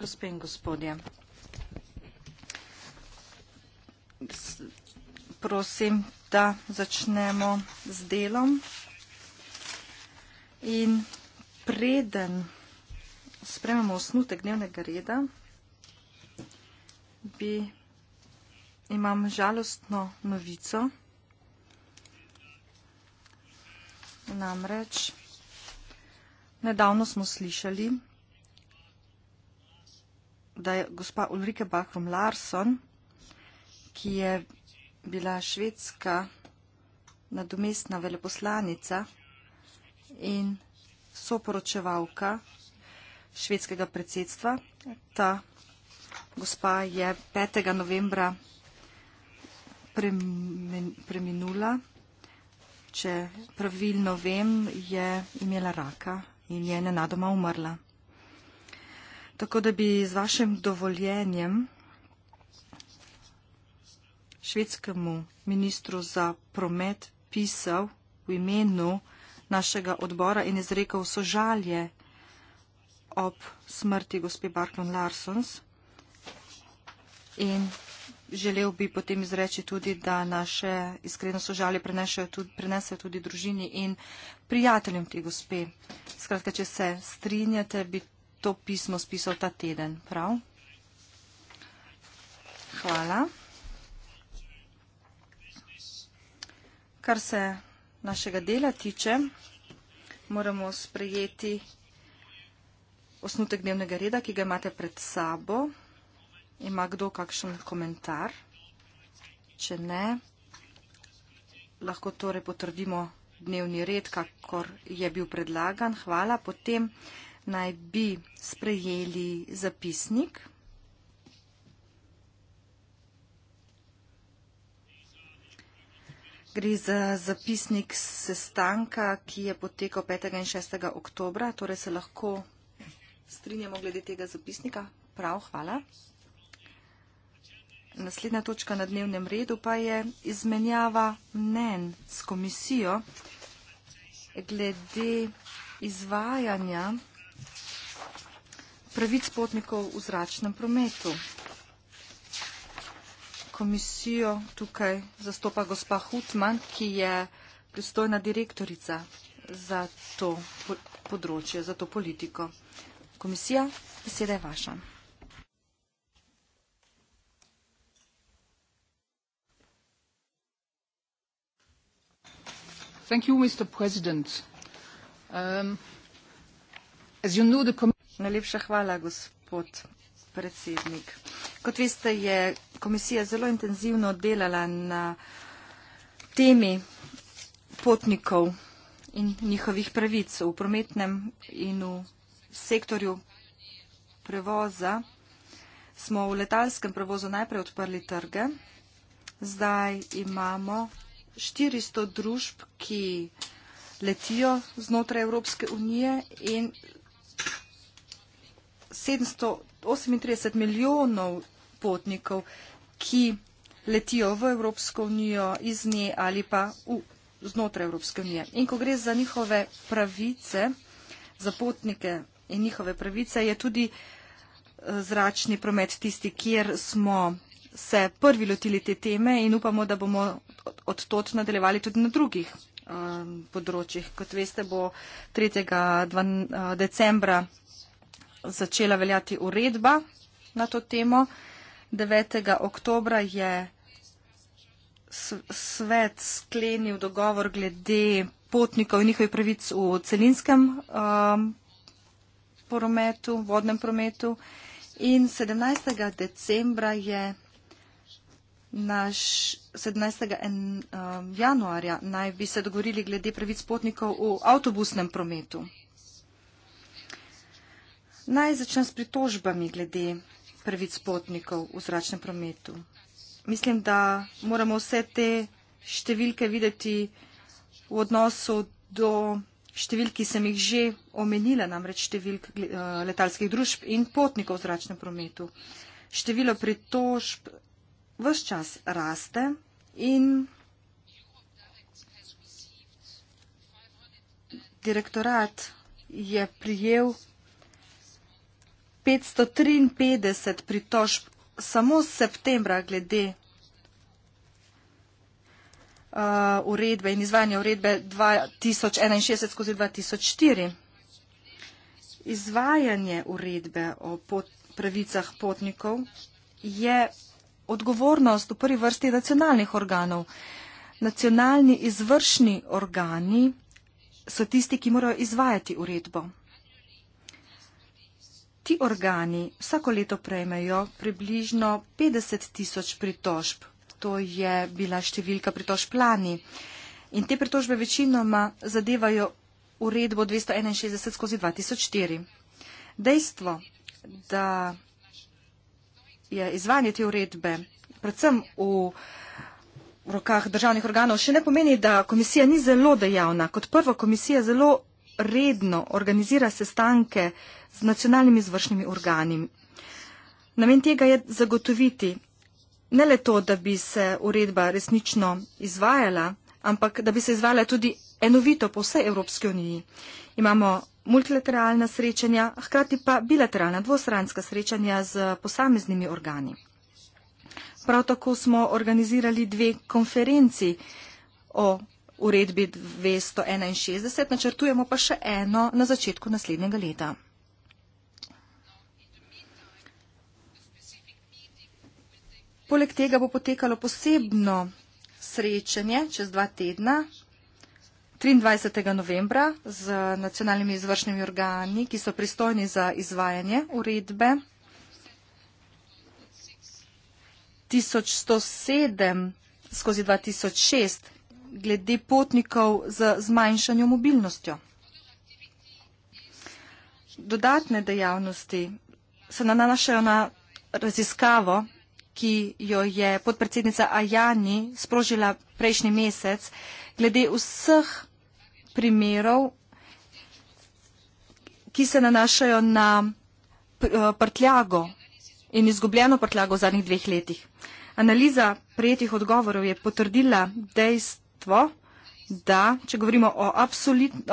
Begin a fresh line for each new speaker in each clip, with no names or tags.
gospe in gospodje. Prosim, da začnemo z delom. In preden spremamo osnutek dnevnega reda, bi imam žalostno novico. Namreč Nedavno smo slišali, da je gospa Ulrike Bachrum Larsson, ki je bila švedska nadomestna veleposlanica in soporočevalka švedskega predsedstva. Ta gospa je 5. novembra preminula. Če pravilno vem, je imela raka in je nenadoma umrla. Tako da bi z vašim dovoljenjem švedskemu ministru za promet pisal v imenu našega odbora in izrekel sožalje ob smrti gospe Barklon Larsons in Želel bi potem izreči tudi, da naše iskreno sožalje prenesejo tudi družini in prijateljem te gospe. Skratka, če se strinjate, bi to pismo spisal ta teden, prav? Hvala. Kar se našega dela tiče, moramo sprejeti osnutek dnevnega reda, ki ga imate pred sabo. Ima kdo kakšen komentar? Če ne, lahko torej potrdimo dnevni red, kakor je bil predlagan. Hvala. Potem naj bi sprejeli zapisnik. Gre za zapisnik sestanka, ki je potekal 5. in 6. oktobra, torej se lahko strinjamo glede tega zapisnika. Prav, hvala. Naslednja točka na dnevnem redu pa je izmenjava mnen s komisijo glede izvajanja pravic potnikov v zračnem prometu. Komisijo tukaj zastopa gospa Hutman, ki je pristojna direktorica za to področje, za to politiko. Komisija, beseda je vaša. Um, Najlepša hvala, gospod predsednik. Kot veste, je komisija zelo intenzivno delala na temi potnikov in njihovih pravic v prometnem in v sektorju prevoza. Smo v letalskem prevozu najprej odprli trge, zdaj imamo 400 družb, ki letijo znotraj Evropske unije in 738 milijonov potnikov, ki letijo v Evropsko unijo iz nje ali pa v, znotraj Evropske unije. In ko gre za njihove pravice, za potnike in njihove pravice, je tudi eh, zračni promet tisti, kjer smo se prvi lotili te teme in upamo, da bomo od toč nadaljevali tudi na drugih um, področjih. Kot veste, bo 3. Uh, decembra začela veljati uredba na to temo. 9. oktobra je svet sklenil dogovor glede potnikov in njihovih pravic v celinskem um, prometu, vodnem prometu. In 17. decembra je naš 17. En, um, januarja naj bi se dogovorili glede pravic potnikov v avtobusnem prometu. Naj začnem s pritožbami glede pravic potnikov v zračnem prometu. Mislim, da moramo vse te številke videti v odnosu do številk, ki sem jih že omenila, namreč številk uh, letalskih družb in potnikov v zračnem prometu. Število pritožb vse čas raste in direktorat je prijel 553 pritožb samo septembra glede uh, uredbe in izvajanja uredbe 2061 skozi 2004. Izvajanje uredbe o pot, pravicah potnikov je odgovornost v prvi vrsti nacionalnih organov. Nacionalni izvršni organi so tisti, ki morajo izvajati uredbo. Ti organi vsako leto prejmejo približno 50 tisoč pritožb. To je bila številka pritožb lani. In te pritožbe večinoma zadevajo uredbo 261 skozi 2004. Dejstvo, da je izvanje te uredbe, predvsem v rokah državnih organov, še ne pomeni, da komisija ni zelo dejavna. Kot prvo, komisija zelo redno organizira sestanke z nacionalnimi izvršnimi organi. Namen tega je zagotoviti ne le to, da bi se uredba resnično izvajala, ampak da bi se izvajala tudi enovito po vsej Evropski uniji imamo multilateralna srečanja, hkrati pa bilateralna dvostranska srečanja z posameznimi organi. Prav tako smo organizirali dve konferenci o uredbi 261, načrtujemo pa še eno na začetku naslednjega leta. Poleg tega bo potekalo posebno srečanje čez dva tedna 23. novembra z nacionalnimi izvršnimi organi, ki so pristojni za izvajanje uredbe 1107 skozi 2006 glede potnikov z zmanjšanjo mobilnostjo. Dodatne dejavnosti se nanašajo na raziskavo, ki jo je podpredsednica Ajani sprožila prejšnji mesec glede vseh primerov, ki se nanašajo na eh, prtljago in izgubljeno prtljago v zadnjih dveh letih. Analiza prejetih odgovorov je potrdila dejstvo, da, če govorimo o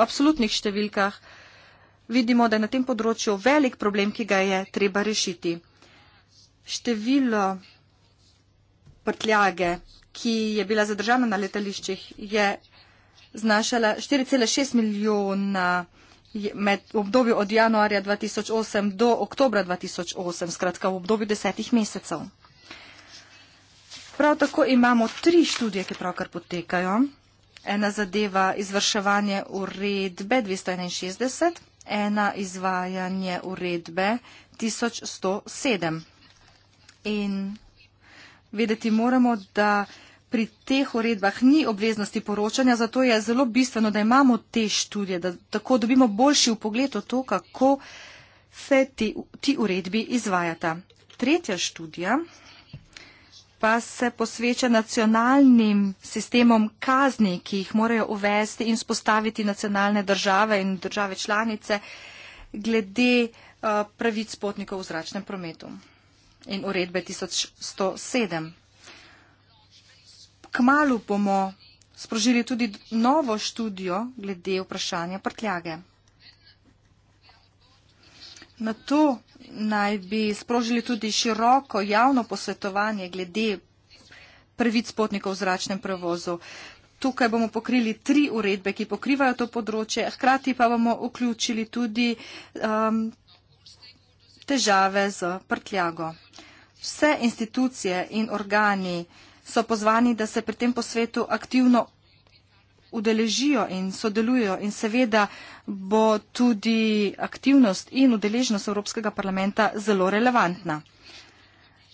absolutnih številkah, vidimo, da je na tem področju velik problem, ki ga je treba rešiti. Število prtljage, ki je bila zadržana na letališčih, je znašala 4,6 milijona med obdobju od januarja 2008 do oktobra 2008, skratka v obdobju desetih mesecev. Prav tako imamo tri študije, ki pravkar potekajo. Ena zadeva izvrševanje uredbe 261, ena izvajanje uredbe 1107. In vedeti moramo, da pri teh uredbah ni obveznosti poročanja, zato je zelo bistveno, da imamo te študije, da tako dobimo boljši upogled o to, kako se ti, ti uredbi izvajata. Tretja študija pa se posveča nacionalnim sistemom kazni, ki jih morajo uvesti in spostaviti nacionalne države in države članice glede uh, pravic potnikov v zračnem prometu in uredbe 1107. Kmalo bomo sprožili tudi novo študijo glede vprašanja prtljage. Na to naj bi sprožili tudi široko javno posvetovanje glede prvic potnikov v zračnem prevozu. Tukaj bomo pokrili tri uredbe, ki pokrivajo to področje, hkrati pa bomo vključili tudi um, težave z prtljago. Vse institucije in organi, uh, so pozvani, da se pri tem posvetu aktivno udeležijo in sodelujo in seveda bo tudi aktivnost in udeležnost Evropskega parlamenta zelo relevantna.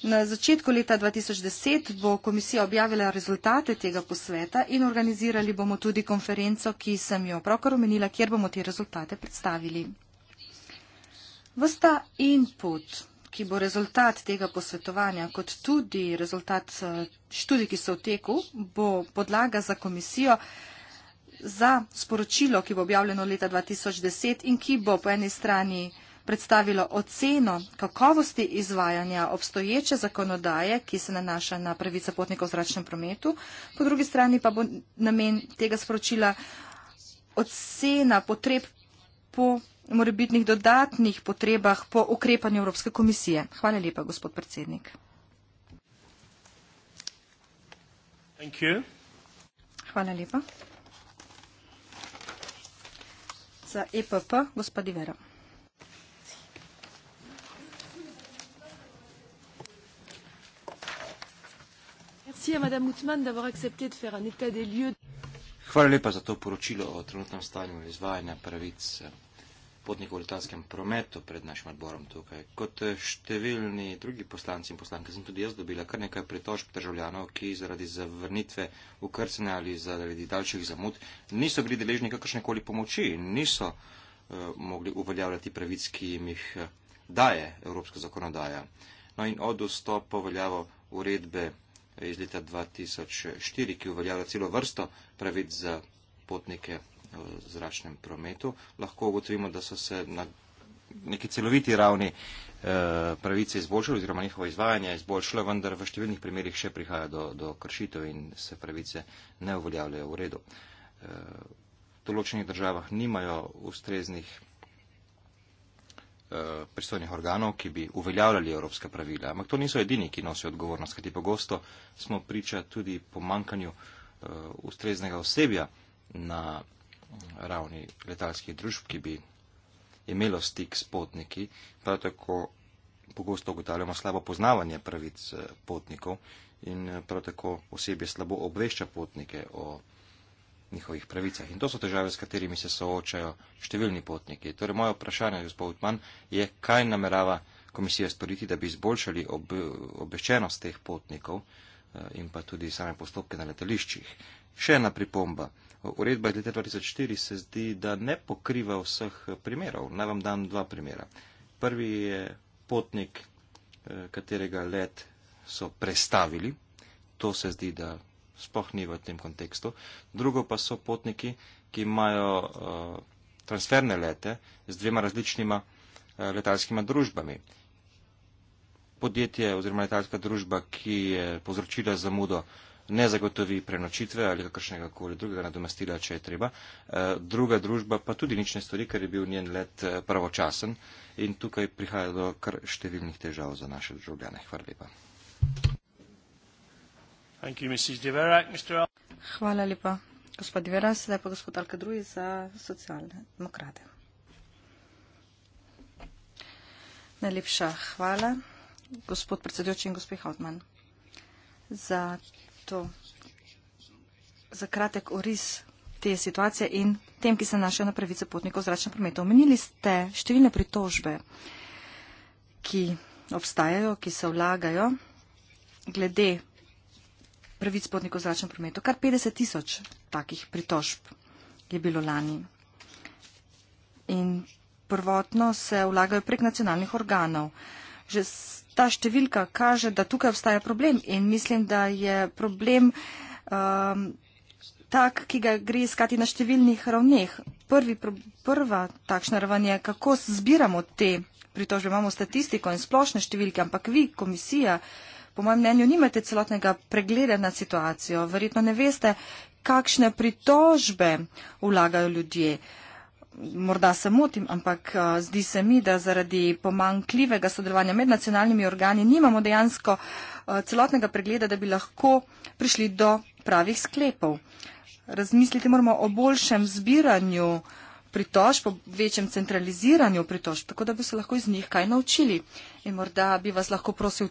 Na začetku leta 2010 bo komisija objavila rezultate tega posveta in organizirali bomo tudi konferenco, ki sem jo pravkar omenila, kjer bomo te rezultate predstavili. Vsta input ki bo rezultat tega posvetovanja, kot tudi rezultat eh, študij, ki so v teku, bo podlaga za komisijo za sporočilo, ki bo objavljeno leta 2010 in ki bo po eni strani predstavilo oceno kakovosti izvajanja obstoječe zakonodaje, ki se nanaša na pravice potnikov v zračnem prometu, po drugi strani pa bo namen tega sporočila ocena potreb po in morebitnih dodatnih potrebah po ukrepanju Evropske komisije. Hvala lepa, gospod predsednik. Thank you. Hvala lepa. Za EPP, gospod
Ivera.
Hvala lepa za to poročilo o trenutnem stanju izvajanja pravic potnikov v letalskem prometu pred našim odborom tukaj. Kot eh, številni drugi poslanci in poslanke sem tudi jaz dobila kar nekaj pritožb državljanov, ki zaradi zavrnitve ukrcene ali zaradi daljših zamud niso bili deležni kakršnekoli pomoči in niso uh, mogli uveljavljati pravic, ki jim jih eh, daje evropska zakonodaja. No in od vstopa veljavo uredbe iz leta 2004, ki uveljavlja celo vrsto pravic za potnike zračnem prometu, lahko ugotovimo, da so se na neki celoviti ravni eh, pravice izboljšale oziroma njihovo izvajanje izboljšalo, vendar v številnih primerjih še prihaja do, do kršitev in se pravice ne uveljavljajo v redu. Eh, v določenih državah nimajo ustreznih eh, pristojnih organov, ki bi uveljavljali evropska pravila. Ampak to niso edini, ki nosijo odgovornost, kajti pogosto smo priča tudi pomankanju uh, ustreznega osebja na ravni letalskih družb, ki bi imelo stik s potniki, prav tako pogosto ugotavljamo slabo poznavanje pravic eh, potnikov in eh, prav tako osebje slabo obvešča potnike o njihovih pravicah. In to so težave, s katerimi se soočajo številni potniki. Torej, moje vprašanje, gospod Utman, je, kaj namerava komisija storiti, da bi izboljšali ob, obveščenost teh potnikov eh, in pa tudi same postopke na letališčih. Še ena pripomba uredba iz leta 2004 se zdi, da ne pokriva vseh primerov. Naj vam dam dva primera. Prvi je potnik, eh, katerega let so prestavili. To se zdi, da sploh ni v tem kontekstu. Drugo pa so potniki, ki imajo eh, transferne lete z dvema različnima eh, letalskima družbami. Podjetje oziroma letalska družba, ki je povzročila zamudo, ne zagotovi prenočitve ali kakršnega koli drugega nadomestila, če je treba. Eh, druga družba pa tudi nič ne stori, ker je bil njen let eh, pravočasen in tukaj prihaja do kar številnih težav za naše državljane. Hvala lepa.
Hvala lepa, gospod Divera, sedaj pa gospod Alkadruj za socialne demokrate. Najlepša hvala, gospod predsedujoči in gospod Hautman, za to za kratek oris te situacije in tem, ki se našajo na pravice potnikov zračnega prometa. Omenili ste številne pritožbe, ki obstajajo, ki se vlagajo glede pravic potnikov zračnega prometa. Kar 50 tisoč takih pritožb je bilo lani. In prvotno se vlagajo prek nacionalnih organov. Že ta številka kaže, da tukaj obstaja problem in mislim, da je problem um, tak, ki ga gre iskati na številnih ravneh. Prvi, prva takšna raven je, kako zbiramo te pritožbe. Imamo statistiko in splošne številke, ampak vi, komisija, po mojem mnenju, nimate celotnega pregleda na situacijo. Verjetno ne veste, kakšne pritožbe vlagajo ljudje. Uh, morda se motim, ampak eh, zdi se mi, da zaradi pomankljivega sodelovanja med nacionalnimi organi nimamo dejansko eh, celotnega pregleda, da bi lahko prišli do pravih sklepov. Razmisliti moramo o boljšem zbiranju pritož, po večjem centraliziranju pritož, tako da bi se lahko iz njih kaj naučili. In morda bi vas lahko prosil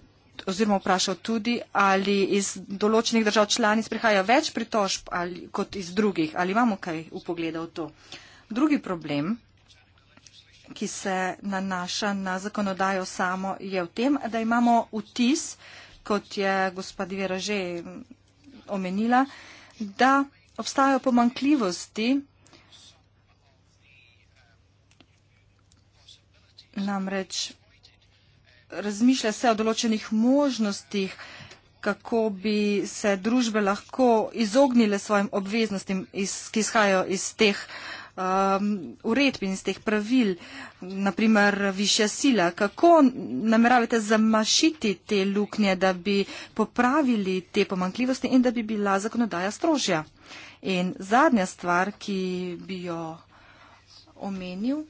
oziroma vprašal tudi, ali iz določenih držav članic prihaja več pritožb ali, kot iz drugih, ali imamo kaj upogleda v to. Uh, Drugi problem, ki se nanaša na zakonodajo samo, je v tem, da imamo vtis, kot je gospod Vera že omenila, da obstajajo pomankljivosti. Namreč razmišlja se o določenih možnostih, kako bi se družbe lahko izognile svojim obveznostim, iz, ki izhajajo iz teh uh, um, uredb in iz teh pravil, naprimer višja sila. Kako nameravate zamašiti te luknje, da bi popravili te pomankljivosti in da bi bila zakonodaja strožja? In zadnja stvar, ki bi jo omenil,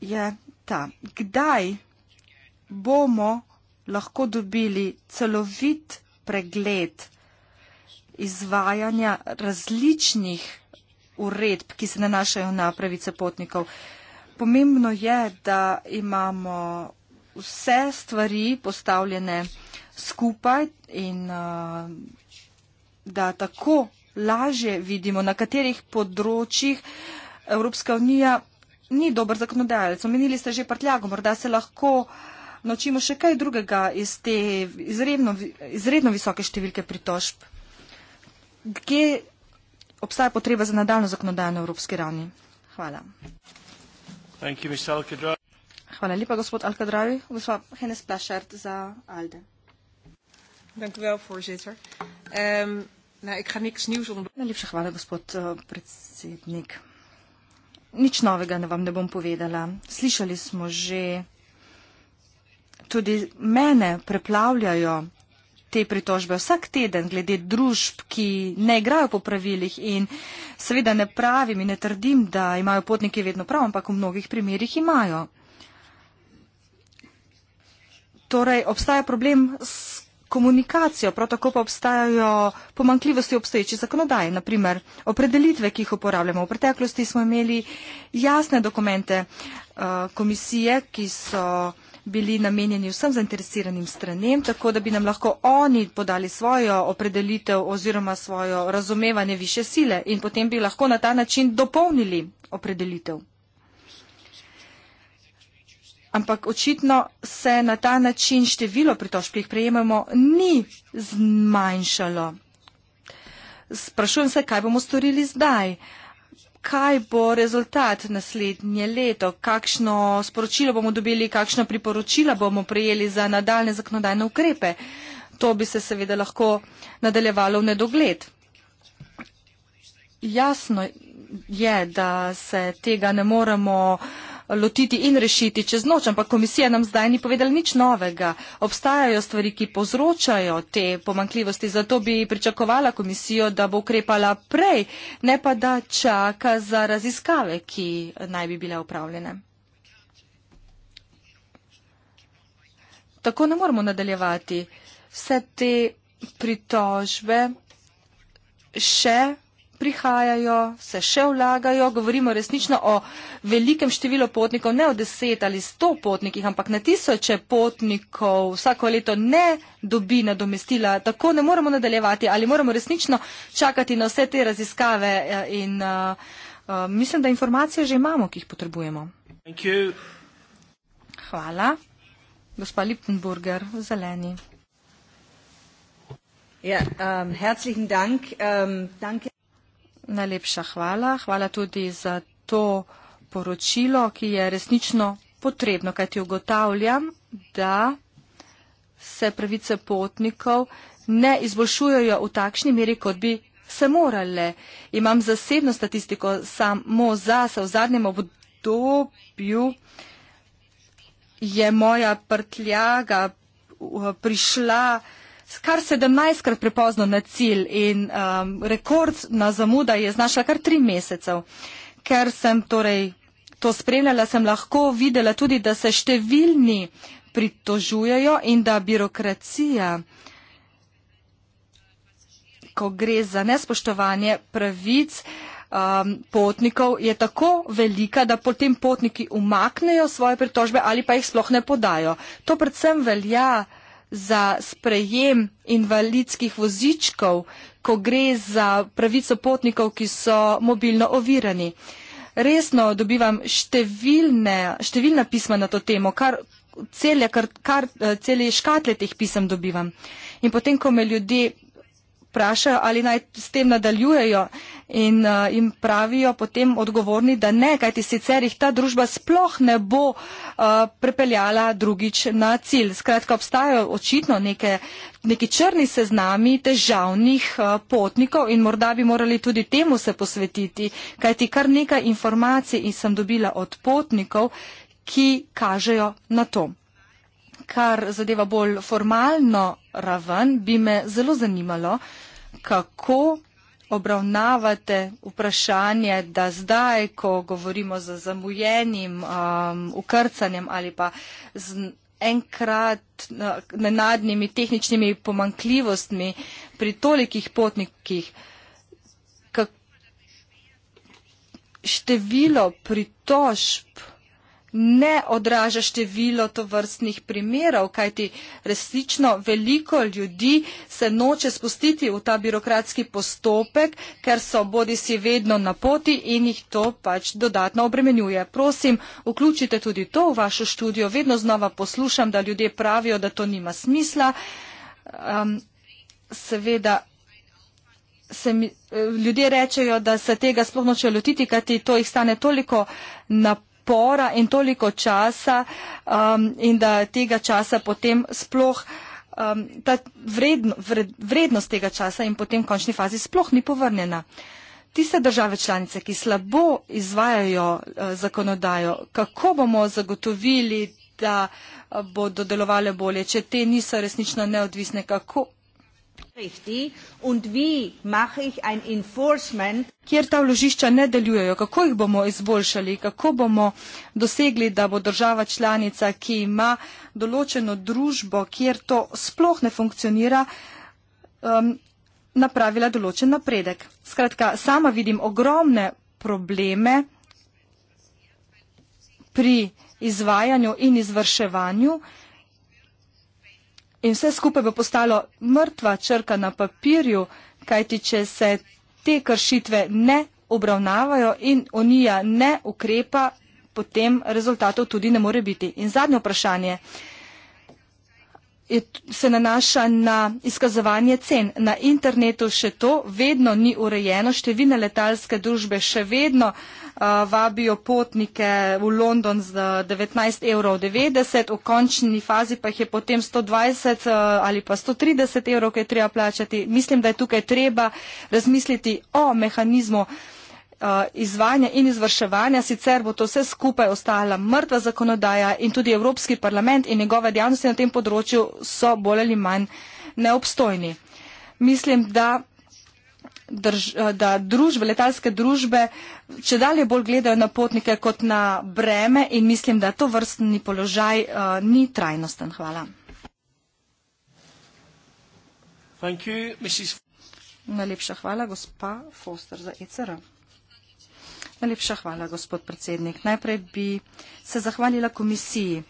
je ta, kdaj bomo lahko dobili celovit pregled izvajanja različnih uredb, ki se nanašajo na pravice potnikov. Pomembno je, da imamo vse stvari postavljene skupaj in uh, da tako lažje vidimo, na katerih področjih Evropska unija ni dober zakonodajalec. Omenili ste že prtljago, morda se lahko naučimo še kaj drugega iz te izredno, izredno visoke številke pritožb. Kje obstaja potreba za nadaljno zakonodajo na evropski ravni. Hvala. Hvala lepa, gospod Alkadravi. Gospa Henes Plašert za ALDE. Ehm, Najlepša hvala, gospod eh, predsednik. Nič novega ne vam ne bom povedala. Slišali smo že, tudi mene preplavljajo te pritožbe vsak teden glede družb, ki ne igrajo po pravilih in seveda ne pravim in ne trdim, da imajo potniki vedno prav, ampak v mnogih primerjih imajo. Torej, obstaja problem s komunikacijo, prav tako pa obstajajo pomankljivosti obstoječi zakonodaje, naprimer opredelitve, ki jih uporabljamo. V preteklosti smo imeli jasne dokumente uh, komisije, ki so bili namenjeni vsem zainteresiranim stranem, tako da bi nam lahko oni podali svojo opredelitev oziroma svojo razumevanje više sile in potem bi lahko na ta način dopolnili opredelitev. Ampak očitno se na ta način število pritožb, ki jih prejemamo, ni zmanjšalo. Sprašujem se, kaj bomo storili zdaj. Uh, kaj bo rezultat naslednje leto, kakšno sporočilo bomo dobili, kakšno priporočila bomo prijeli za nadaljne zakonodajne ukrepe. To bi se seveda lahko nadaljevalo v nedogled. Jasno je, da se tega ne moremo. Uh, lotiti in rešiti čez noč, ampak komisija nam zdaj ni povedala nič novega. Obstajajo stvari, ki povzročajo te pomankljivosti, zato bi pričakovala komisijo, da bo ukrepala prej, ne pa da čaka za raziskave, ki naj bi bile upravljene. Tako ne moremo nadaljevati. Vse te pritožbe še prihajajo, se še vlagajo, govorimo resnično o velikem številu potnikov, ne o deset ali sto potnikih, ampak na tisoče potnikov vsako leto ne dobi nadomestila. Tako ne moramo nadaljevati ali moramo resnično čakati na vse te raziskave eh, in uh, uh, mislim, da informacije že imamo, ki jih potrebujemo. Hvala. Gospa Lippenburger, zeleni. Ja, um, herzlichen Dank. Um, danke. Najlepša hvala. Hvala tudi za to poročilo, ki je resnično potrebno, kajti ugotavljam, da se pravice potnikov ne izboljšujejo v takšni meri, kot bi se morale. Imam zasebno statistiko samo za se v zadnjem obdobju je moja prtljaga uh, prišla kar sedemnajstkrat prepozno na cilj in um, rekord na zamuda je znašala kar tri mesecev. Ker sem torej to spremljala, sem lahko videla tudi, da se številni pritožujejo in da birokracija, ko gre za nespoštovanje pravic um, potnikov, je tako velika, da potem potniki umaknejo svoje pritožbe ali pa jih sploh ne podajo. To predvsem velja za sprejem invalidskih vozičkov, ko gre za pravico potnikov, ki so mobilno ovirani. Resno dobivam številne, številna pisma na to temo, kar celje, kar, kar, eh, celje škatle teh pisem dobivam. In potem, ko me ljudje vprašajo, ali naj s tem nadaljujejo in uh, jim pravijo potem odgovorni, da ne, kajti sicer jih ta družba sploh ne bo uh, prepeljala drugič na cilj. Skratka, obstajajo očitno neke, neki črni seznami težavnih uh, potnikov in morda bi morali tudi temu se posvetiti, kajti kar nekaj informacij sem dobila od potnikov, ki kažejo na to kar zadeva bolj formalno raven, bi me zelo zanimalo, kako obravnavate vprašanje, da zdaj, ko govorimo z zamujenim um, ukrcanjem ali pa z enkrat nenadnimi tehničnimi pomankljivostmi pri tolikih potnikih, kako število pritožb ne odraža število tovrstnih primerov, kajti resnično veliko ljudi se noče spustiti v ta birokratski postopek, ker so bodi si vedno na poti in jih to pač dodatno obremenjuje. Prosim, vključite tudi to v vašo študijo. Vedno znova poslušam, da ljudje pravijo, da to nima smisla. Um, seveda. Se mi, eh, ljudje rečejo, da se tega sploh noče lotiti, kajti to jih stane toliko napor napora in toliko časa um, in da tega časa potem sploh, um, ta vredno, vred, vrednost tega časa in potem v končni fazi sploh ni povrnjena. Tiste države članice, ki slabo izvajajo uh, zakonodajo, kako bomo zagotovili, da uh, bodo delovale bolje, če te niso resnično neodvisne, kako, kjer ta vložišča ne delujejo, kako jih bomo izboljšali, kako bomo dosegli, da bo država članica, ki ima določeno družbo, kjer to sploh ne funkcionira, um, napravila določen napredek. Skratka, sama vidim ogromne probleme pri izvajanju in izvrševanju uh, in vse skupaj bo postalo mrtva črka na papirju, kajti če se te kršitve ne obravnavajo in Unija ne ukrepa, potem rezultatov tudi ne more biti. In zadnje vprašanje se nanaša na izkazovanje cen. Na internetu še to vedno ni urejeno, številne letalske družbe še vedno uh, vabijo potnike v London z 19,90 uh, evrov, v končni fazi pa jih je potem 120 uh, ali pa 130 evrov, ki je treba plačati. Mislim, da je tukaj treba razmisliti o mehanizmu. Eh, izvajanja in izvrševanja, sicer bo to vse skupaj ostala mrtva zakonodaja in tudi Evropski parlament in njegove dejavnosti na tem področju so bolj ali manj neobstojni. Mislim, da, drž, eh, da družbe, letalske družbe če dalje bolj gledajo na potnike kot na breme in mislim, da to vrstni položaj uh, ni trajnosten. Hvala. Najlepša hvala, gospa Foster, za ECR. Najlepša hvala, gospod predsednik. Najprej bi se zahvalila komisiji.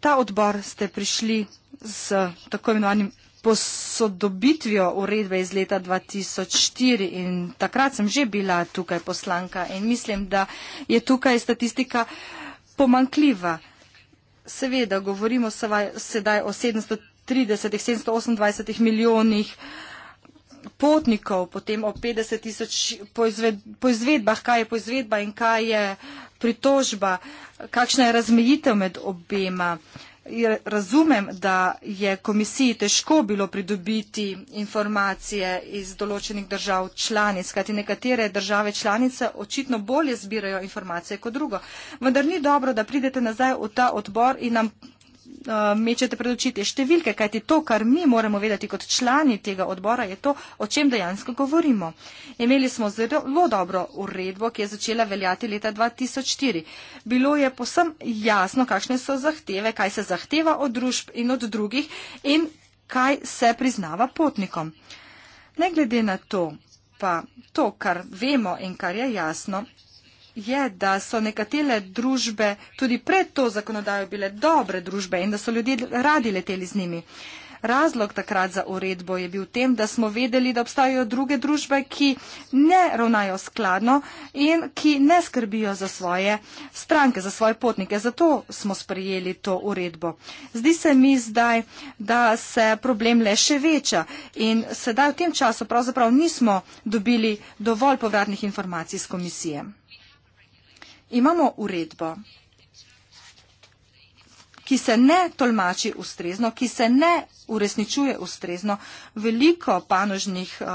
Ta odbor ste prišli z tako imenovanim posodobitvijo uredbe iz leta 2004 in takrat sem že bila tukaj poslanka in mislim, da je tukaj statistika pomankljiva. Seveda, govorimo sedaj o 730-728 milijonih potnikov potem o 50 tisoč poizvedbah, kaj je poizvedba in kaj je pritožba, kakšna je razmejitev med obema. Razumem, da je komisiji težko bilo pridobiti informacije iz določenih držav članic, kajti nekatere države članice očitno bolje zbirajo informacije kot drugo. Vendar ni dobro, da pridete nazaj v ta odbor in nam Eh, mečete pred očite številke, kajti to, kar mi moramo vedeti kot člani tega odbora, je to, o čem dejansko govorimo. Imeli smo zelo dobro uredbo, ki je začela veljati leta 2004. Bilo je posem jasno, kakšne so zahteve, kaj se zahteva od družb in od drugih in kaj se priznava potnikom. Ne glede na to, pa to, kar vemo in kar je jasno, je, da so nekatere družbe tudi pred to zakonodajo bile dobre družbe in da so ljudje radi leteli z njimi. Razlog takrat za uredbo je bil v tem, da smo vedeli, da obstajajo druge družbe, ki ne ravnajo skladno in ki ne skrbijo za svoje stranke, za svoje potnike. Zato smo sprejeli to uredbo. Zdi se mi zdaj, da se problem le še veča in sedaj v tem času pravzaprav nismo dobili dovolj povratnih informacij z komisije imamo uredbo, ki se ne tolmači ustrezno, ki se ne uresničuje ustrezno. Veliko panožnih uh,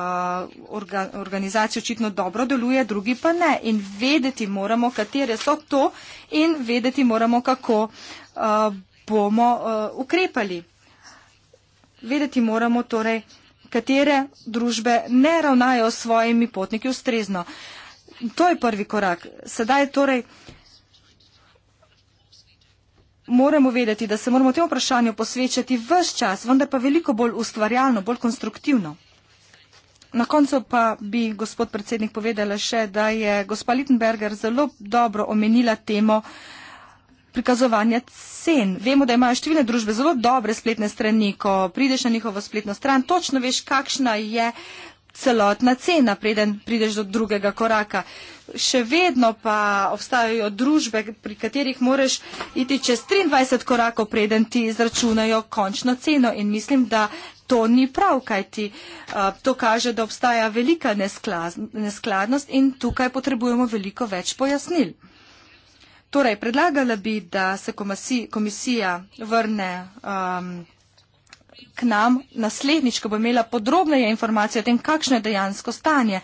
orga, organizacij očitno dobro deluje, drugi pa ne. In vedeti moramo, katere so to in vedeti moramo, kako uh, bomo uh, ukrepali. Vedeti moramo torej, katere družbe ne ravnajo s svojimi potniki ustrezno. Uh, To je prvi korak. Sedaj torej moramo vedeti, da se moramo tem vprašanju posvečati vse čas, vendar pa veliko bolj ustvarjalno, bolj konstruktivno. Na koncu pa bi gospod predsednik povedala še, da je gospa Littenberger zelo dobro omenila temo prikazovanja cen. Vemo, da imajo številne družbe zelo dobre spletne strani, ko prideš na njihovo spletno stran, točno veš, kakšna je celotna cena, preden prideš do drugega koraka. Še vedno pa obstajajo družbe, pri katerih moraš iti čez 23 korakov, preden ti izračunajo končno ceno. In mislim, da to ni prav, kaj ti eh, to kaže, da obstaja velika neskladnost in tukaj potrebujemo veliko več pojasnil. Torej, predlagala bi, da se komisija vrne. Um, k nam naslednjič, ko bo imela podrobneje informacije o tem, kakšno je dejansko stanje.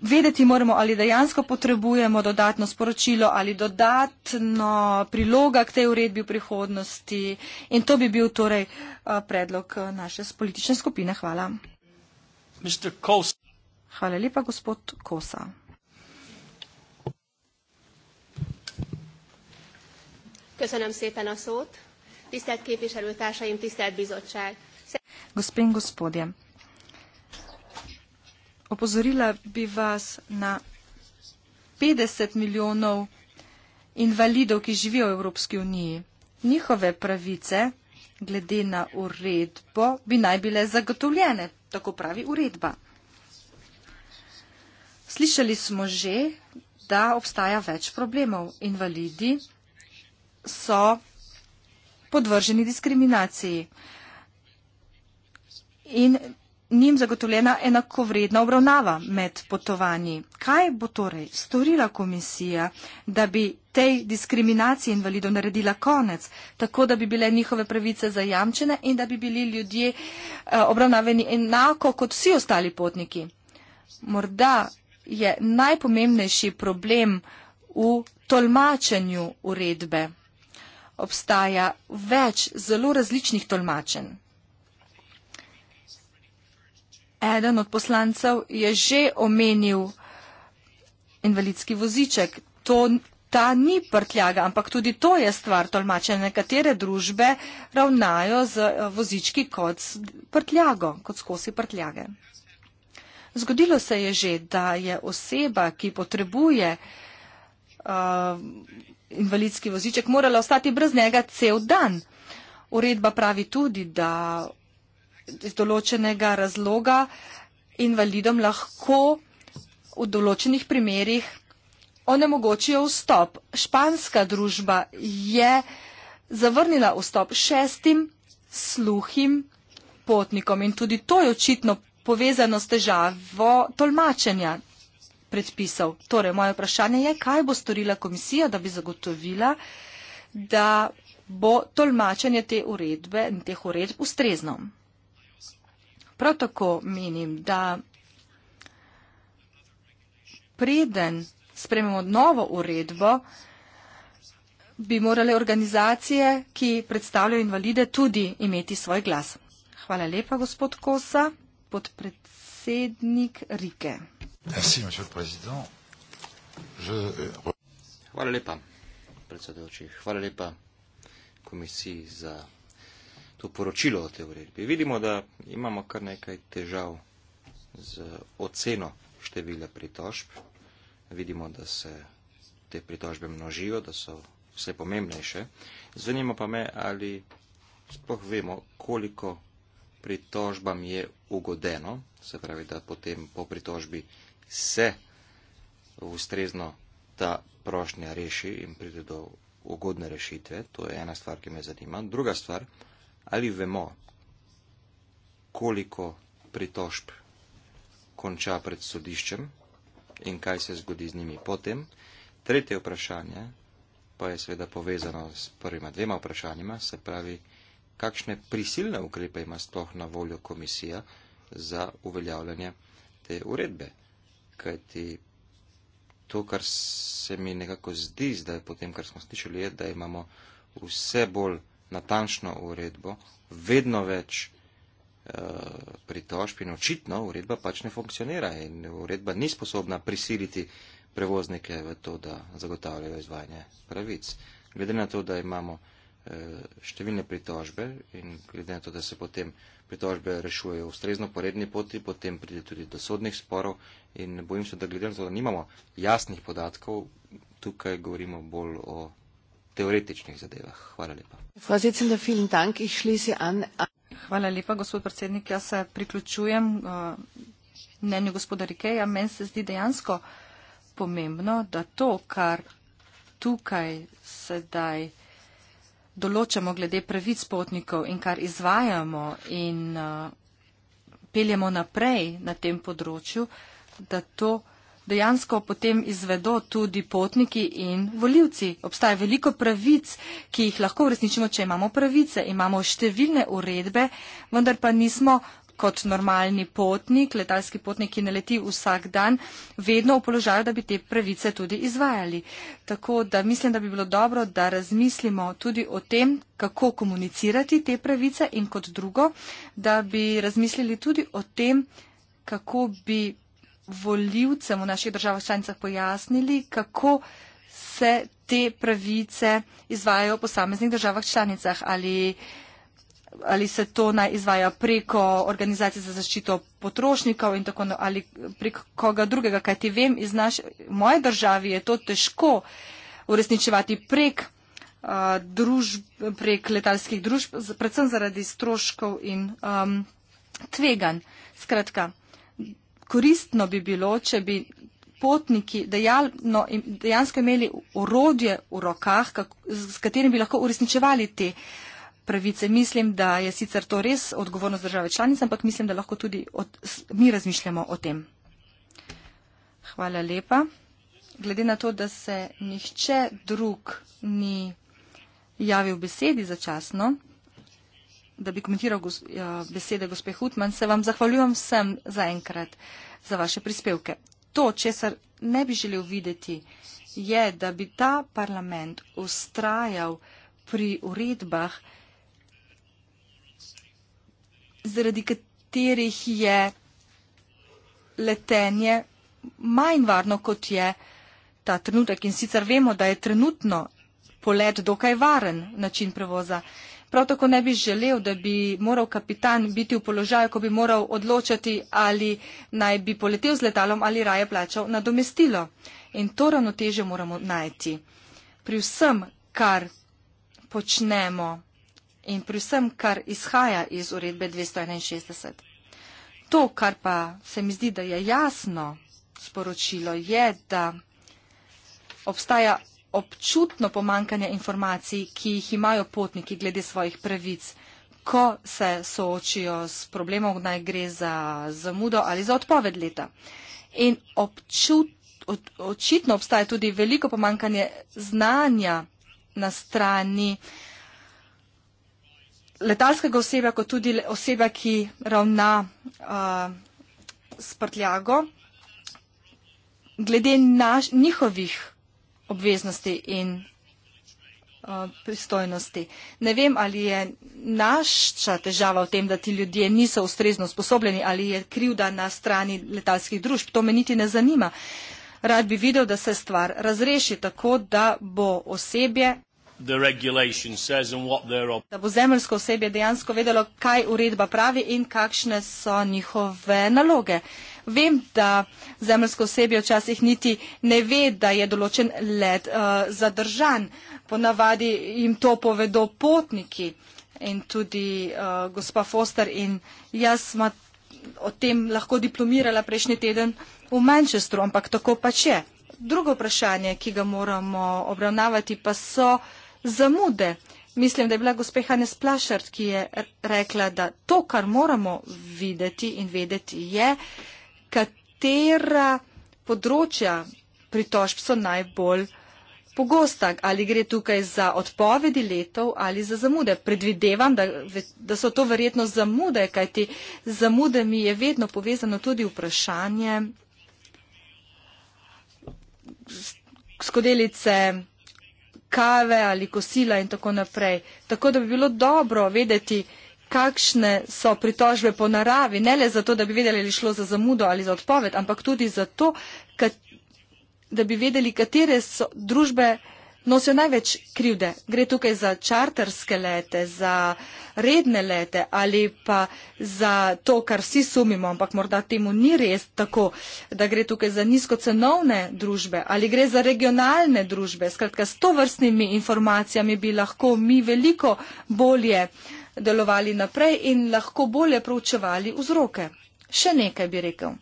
Vedeti moramo, ali dejansko potrebujemo dodatno sporočilo ali dodatno priloga k tej uredbi v prihodnosti. In to bi bil torej eh, predlog eh, naše politične skupine. Hvala. Hvala lepa, gospod Kosa.
Köszönöm szépen a szót. Tisztelt képviselőtársaim, tisztelt bizottság!
Gospe in gospodje, opozorila bi vas na 50 milijonov invalidov, ki živijo v Evropski uniji. Njihove pravice, glede na uredbo, bi naj bile zagotovljene, tako pravi uredba. Slišali smo že, da obstaja več problemov. Invalidi so podvrženi diskriminaciji in njim zagotovljena enakovredna obravnava med potovanji. Kaj bo torej storila komisija, da bi tej diskriminaciji invalidov naredila konec, tako da bi bile njihove pravice zajamčene in da bi bili ljudje eh, obravnaveni enako kot vsi ostali potniki? Morda je najpomembnejši problem v tolmačenju uredbe obstaja več zelo različnih tolmačen. Eden od poslancev je že omenil invalidski voziček. To, ta ni prtljaga, ampak tudi to je stvar tolmačenja. Nekatere družbe ravnajo z eh, vozički kot prtljago, kot skosi prtljage. Zgodilo se je že, da je oseba, ki potrebuje uh, invalidski voziček morala ostati brez njega cel dan. Uredba pravi tudi, da iz določenega razloga invalidom lahko v določenih primerjih onemogočijo vstop. Španska družba je zavrnila vstop šestim sluhim potnikom in tudi to je očitno povezano s težavo tolmačenja predpisov. Torej, moje vprašanje je, kaj bo storila komisija, da bi zagotovila, da bo tolmačenje te uredbe in teh uredb ustrezno. Prav tako menim, da preden spremimo novo uredbo, bi morale organizacije, ki predstavljajo invalide, tudi imeti svoj glas. Hvala lepa, gospod Kosa, podpredsednik Rike.
Merci, Monsieur le Président. Je... Euh, Hvala lepa, predsedujoči. Hvala lepa komisiji za to poročilo o tej uredbi. Vidimo, da imamo kar nekaj težav z oceno števila pritožb. Vidimo, da se te pritožbe množijo, da so vse pomembnejše. Zanima pa me, ali sploh vemo, koliko pritožbam je ugodeno, se pravi, da potem po pritožbi se ustrezno ta prošnja reši in pride do ugodne rešitve. To je ena stvar, ki me zanima. Druga stvar, ali vemo, koliko pritožb konča pred sodiščem in kaj se zgodi z njimi potem. Tretje vprašanje pa je seveda povezano s prvima dvema vprašanjima, se pravi, kakšne prisilne ukrepe ima sploh na voljo komisija za uveljavljanje te uredbe kajti to, kar se mi nekako zdi zdaj, potem, kar smo slišali, je, da imamo vse bolj natančno uredbo, vedno več eh, pritožb in očitno uredba pač ne funkcionira in uredba ni sposobna prisiliti prevoznike v to, da zagotavljajo izvajanje pravic. Glede na to, da imamo eh, številne pritožbe in glede na to, da se potem pritožbe rešujejo v strezno poredni poti, potem pride tudi do sodnih sporov In bojim se, da glede na to, da nimamo jasnih podatkov, tukaj govorimo bolj o teoretičnih zadevah. Hvala lepa.
Hvala lepa, gospod predsednik. Jaz se priključujem eh, mnenju gospoda Rikeja. Meni se zdi dejansko pomembno, da to, kar tukaj sedaj določamo glede pravic potnikov in kar izvajamo in eh, peljemo naprej na tem področju, uh, da to dejansko potem izvedo tudi potniki in voljivci. Obstaja veliko pravic, ki jih lahko uresničimo, če imamo pravice. Imamo številne uredbe, vendar pa nismo kot normalni potnik, letalski potnik, ki naleti vsak dan, vedno v položaju, da bi te pravice tudi izvajali. Tako da mislim, da bi bilo dobro, da razmislimo tudi o tem, kako komunicirati te pravice in kot drugo, da bi razmislili tudi o tem, kako bi voljivcem v naših državah članicah pojasnili, kako se te pravice izvajajo v posameznih državah članicah? Ali, ali se to naj izvaja preko organizacij za zaščito potrošnikov in tako naprej, ali prek koga drugega? Kaj ti vem, iz naš, v moje državi je to težko uresničevati prek, uh, družb, prek letalskih družb, predvsem zaradi stroškov in um, tveganj. Skratka, koristno bi bilo, če bi potniki dejalno, dejansko imeli orodje v rokah, s katerim bi lahko uresničevali te pravice. Mislim, da je sicer to res odgovornost države članice, ampak mislim, da lahko tudi od, mi razmišljamo o tem. Hvala lepa. Glede na to, da se nihče drug ni javil besedi začasno da bi komentiral gos, ja, besede gospe Hutman, se vam zahvaljujem vsem za enkrat za vaše prispevke. To, česar ne bi želel videti, je, da bi ta parlament ustrajal pri uredbah, zaradi katerih je letenje manj varno, kot je ta trenutek. In sicer vemo, da je trenutno polet dokaj varen način prevoza. Prav tako ne bi želel, da bi moral kapitan biti v položaju, ko bi moral odločati, ali naj bi poletel z letalom ali raje plačal nadomestilo. In to ravnoteže moramo najti. Pri vsem, kar počnemo in pri vsem, kar izhaja iz uredbe 261. To, kar pa se mi zdi, da je jasno sporočilo, je, da obstaja občutno pomankanje informacij, ki jih imajo potniki glede svojih pravic, ko se soočijo s problemom, naj gre za zamudo ali za odpoved leta. In občut, očitno obstaja tudi veliko pomankanje znanja na strani letalskega osebja, kot tudi osebja, ki ravna uh, s prtljago, glede naš, njihovih obveznosti in eh, pristojnosti. Ne vem, ali je naša težava v tem, da ti ljudje niso ustrezno sposobljeni, ali je krivda na strani letalskih družb. To me niti ne zanima. Rad bi videl, da se stvar razreši tako, da bo osebje. Da bo zemljsko osebje dejansko vedelo, kaj uredba pravi in kakšne so njihove naloge. Vem, da zemljsko osebje včasih niti ne ve, da je določen let uh, zadržan. Ponavadi jim to povedo potniki in tudi uh, gospa Foster in jaz smo o tem lahko diplomirala prejšnji teden v Manchesteru, ampak tako pač je. Drugo vprašanje, ki ga moramo obravnavati, pa so zamude. Mislim, da je bila gospe Hane Splašard, ki je rekla, da to, kar moramo videti in vedeti, je, katera področja pritožb so najbolj pogosta, ali gre tukaj za odpovedi letov ali za zamude. Predvidevam, da, da so to verjetno zamude, kajti z zamudami je vedno povezano tudi vprašanje skodelice kave ali kosila in tako naprej. Tako da bi bilo dobro vedeti, kakšne so pritožbe po naravi, ne le zato, da bi vedeli, ali šlo za zamudo ali za odpoved, ampak tudi zato, da bi vedeli, katere so družbe nosijo največ krivde. Gre tukaj za čarterske lete, za redne lete ali pa za to, kar vsi sumimo, ampak morda temu ni res tako, da gre tukaj za nizkocenovne družbe ali gre za regionalne družbe. Skratka, s to vrstnimi informacijami bi lahko mi veliko bolje uh, delovali naprej in lahko bolje proučevali vzroke. Še nekaj bi rekel.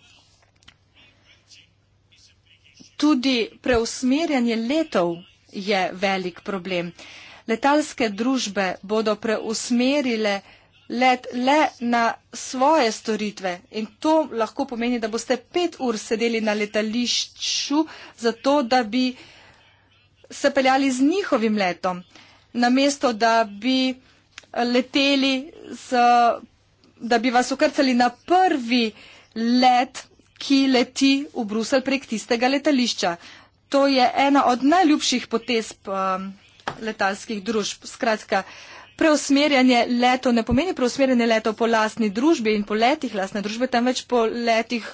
Tudi preusmerjanje letov je velik problem. Letalske družbe bodo preusmerile let le na svoje storitve in to lahko pomeni, da boste pet ur sedeli na letališču, zato da bi se peljali z njihovim letom, namesto da bi leteli, s, da bi vas ukrcali na prvi let, ki leti v Bruselj prek tistega letališča. To je ena od najljubših potez um, letalskih družb. Skratka, preusmerjanje letov ne pomeni preusmerjanje letov po lastni družbi in po letih lastne družbe, temveč po letih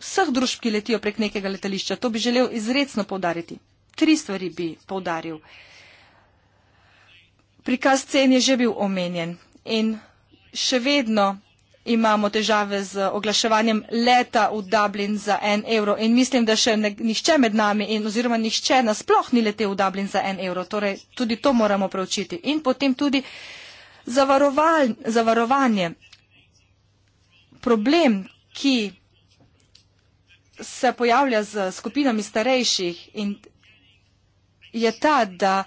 vseh družb, ki letijo prek nekega letališča. To bi želel izredno povdariti. Tri stvari bi povdaril. Prikaz cen je že bil omenjen in še vedno imamo težave z oglaševanjem leta v Dublin za en evro in mislim, da še nišče med nami in oziroma nišče nasploh ni letel v Dublin za en evro. Torej, tudi to moramo preučiti. In potem tudi zavaroval, zavarovanje. Problem, ki se pojavlja z skupinami starejših in je ta, da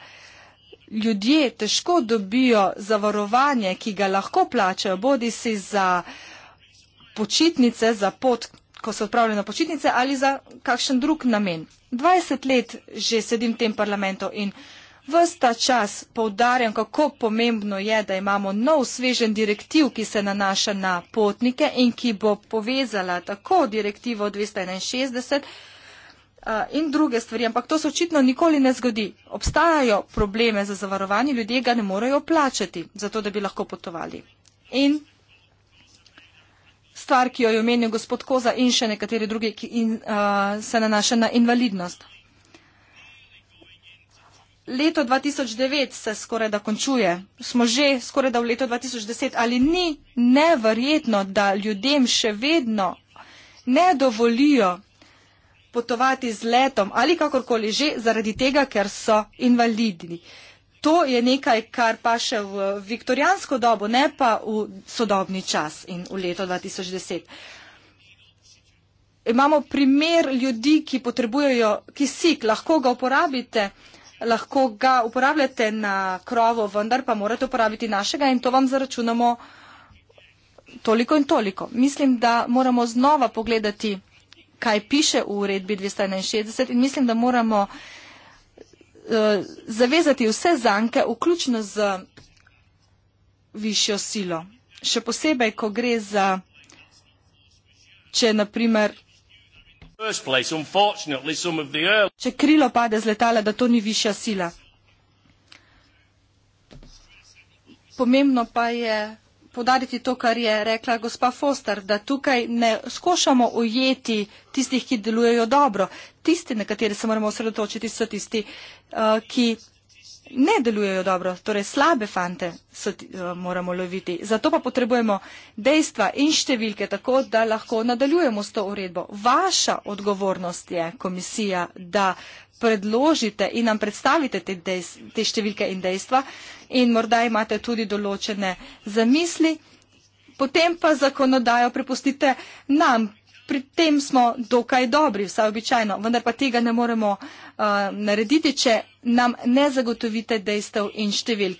ljudje težko dobijo zavarovanje, ki ga lahko plačajo, bodi si za počitnice, za pot, ko se odpravljajo na počitnice ali za kakšen drug namen. 20 let že sedim v tem parlamentu in vsta čas poudarjam, kako pomembno je, da imamo nov svežen direktiv, ki se nanaša na potnike in ki bo povezala tako direktivo 261 Eh, in druge stvari, ampak to se očitno nikoli ne zgodi. Obstajajo probleme za zavarovanje, ljudje ga ne morejo plačati, zato da bi lahko potovali. In stvar, ki jo je omenil gospod Koza in še nekateri drugi, ki in, uh, se nanaša na invalidnost. Leto 2009 se skoraj da končuje, smo že skoraj da v leto 2010 ali ni neverjetno, da ljudem še vedno ne dovolijo potovati z letom ali kakorkoli že, zaradi tega, ker so invalidni. To je nekaj, kar pa še v viktorijansko dobo, ne pa v sodobni čas in v leto 2010. Imamo primer ljudi, ki potrebujejo kisik, lahko ga uporabite, lahko ga uporabljate na krovo, vendar pa morate uporabiti našega in to vam zaračunamo toliko in toliko. Mislim, da moramo znova pogledati kaj piše v uredbi 261 in mislim, da moramo eh, zavezati vse zanke, vključno z višjo silo. Še posebej, ko gre za, če naprimer. Če krilo pade z letala, da to ni višja sila. Pomembno pa je podariti to, kar je rekla gospa Foster, da tukaj ne skušamo ujeti tistih, ki delujejo dobro. Tisti, na kateri se moramo osredotočiti, so tisti, uh, ki ne delujejo dobro. Torej, slabe fante so, uh, moramo loviti. Zato pa potrebujemo dejstva in številke, tako da lahko nadaljujemo s to uredbo. Vaša odgovornost je, komisija, da predložite in nam predstavite te, dejst, te številke in dejstva in morda imate tudi določene zamisli, potem pa zakonodajo prepustite nam. Pri tem smo dokaj dobri, vsaj običajno, vendar pa tega ne moremo uh, narediti, če nam ne zagotovite dejstev in številk.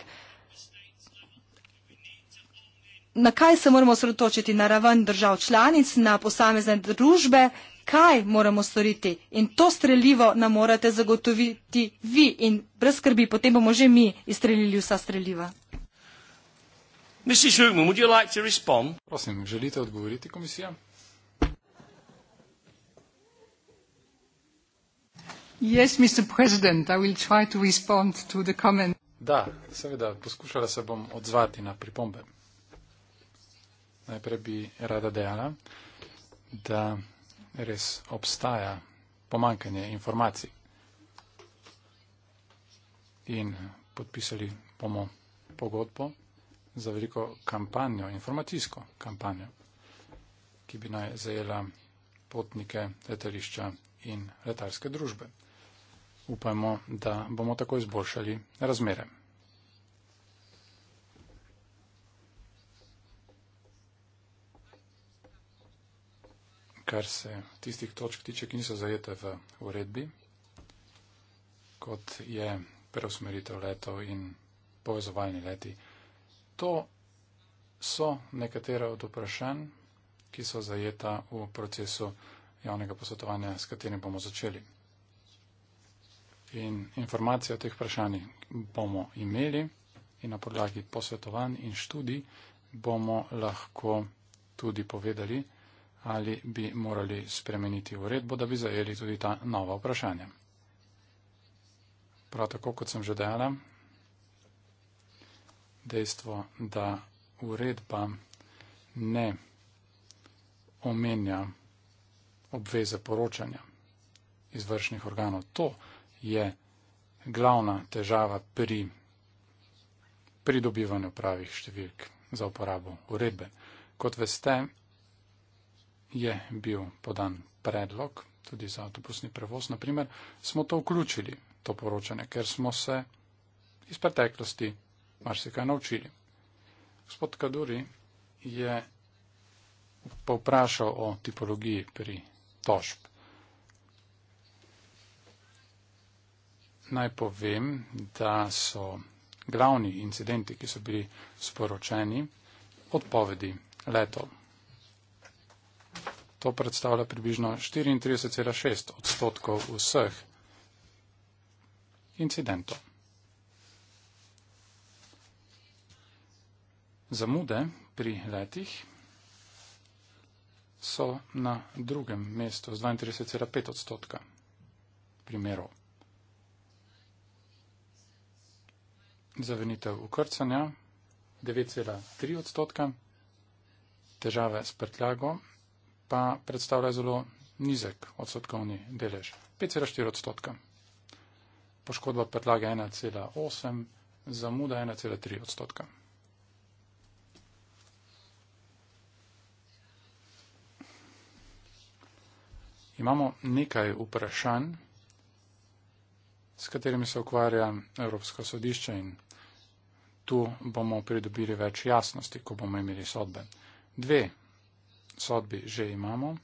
Na kaj se moramo sredotočiti? Na raven držav članic, na posamezne družbe, kaj moramo storiti in to streljivo nam morate zagotoviti vi in brez skrbi, potem bomo že mi izstrelili vsa streljiva.
Prosim, želite odgovoriti komisija? Da, seveda, poskušala se bom odzvati na pripombe. Najprej bi rada dejala, da res obstaja pomankanje informacij. In podpisali bomo pogodbo za veliko kampanjo, informacijsko kampanjo, ki bi naj zajela potnike letališča in letalske družbe. Upajmo, da bomo tako izboljšali razmere. kar se tistih točk tiče, ki niso zajete v uredbi, kot je preusmeritev letov in povezovalni leti. To so nekatera od vprašanj, ki so zajeta v procesu javnega posvetovanja, s katerim bomo začeli. In informacije o teh vprašanjih bomo imeli in na podlagi posvetovanj in študij bomo lahko tudi povedali, ali bi morali spremeniti uredbo, da bi zajeli tudi ta nova vprašanja. Prav tako, kot sem že dejala, dejstvo, da uredba ne omenja obveze poročanja izvršnih organov, to je glavna težava pri pridobivanju pravih številk za uporabo uredbe. Kot veste, je bil podan predlog, tudi za avtobusni prevoz, naprimer, smo to vključili, to poročanje, ker smo se iz preteklosti marsikaj naučili. Gospod Kaduri je povprašal o tipologiji pri tožb. Naj povem, da so glavni incidenti, ki so bili sporočeni, odpovedi letov. To predstavlja približno 34,6 odstotkov vseh incidentov. Zamude pri letih so na drugem mestu z 32,5 odstotka primerov. Zavrnitev ukrcanja 9,3 odstotka, težave s prtljago pa predstavlja zelo nizek odstotkovni delež, 5,4 odstotka. Poškodba predlaga 1,8, zamuda 1,3 odstotka. Imamo nekaj vprašanj, s katerimi se ukvarja Evropsko sodišče in tu bomo pridobili več jasnosti, ko bomo imeli sodbe. Dve sodbi že imamo.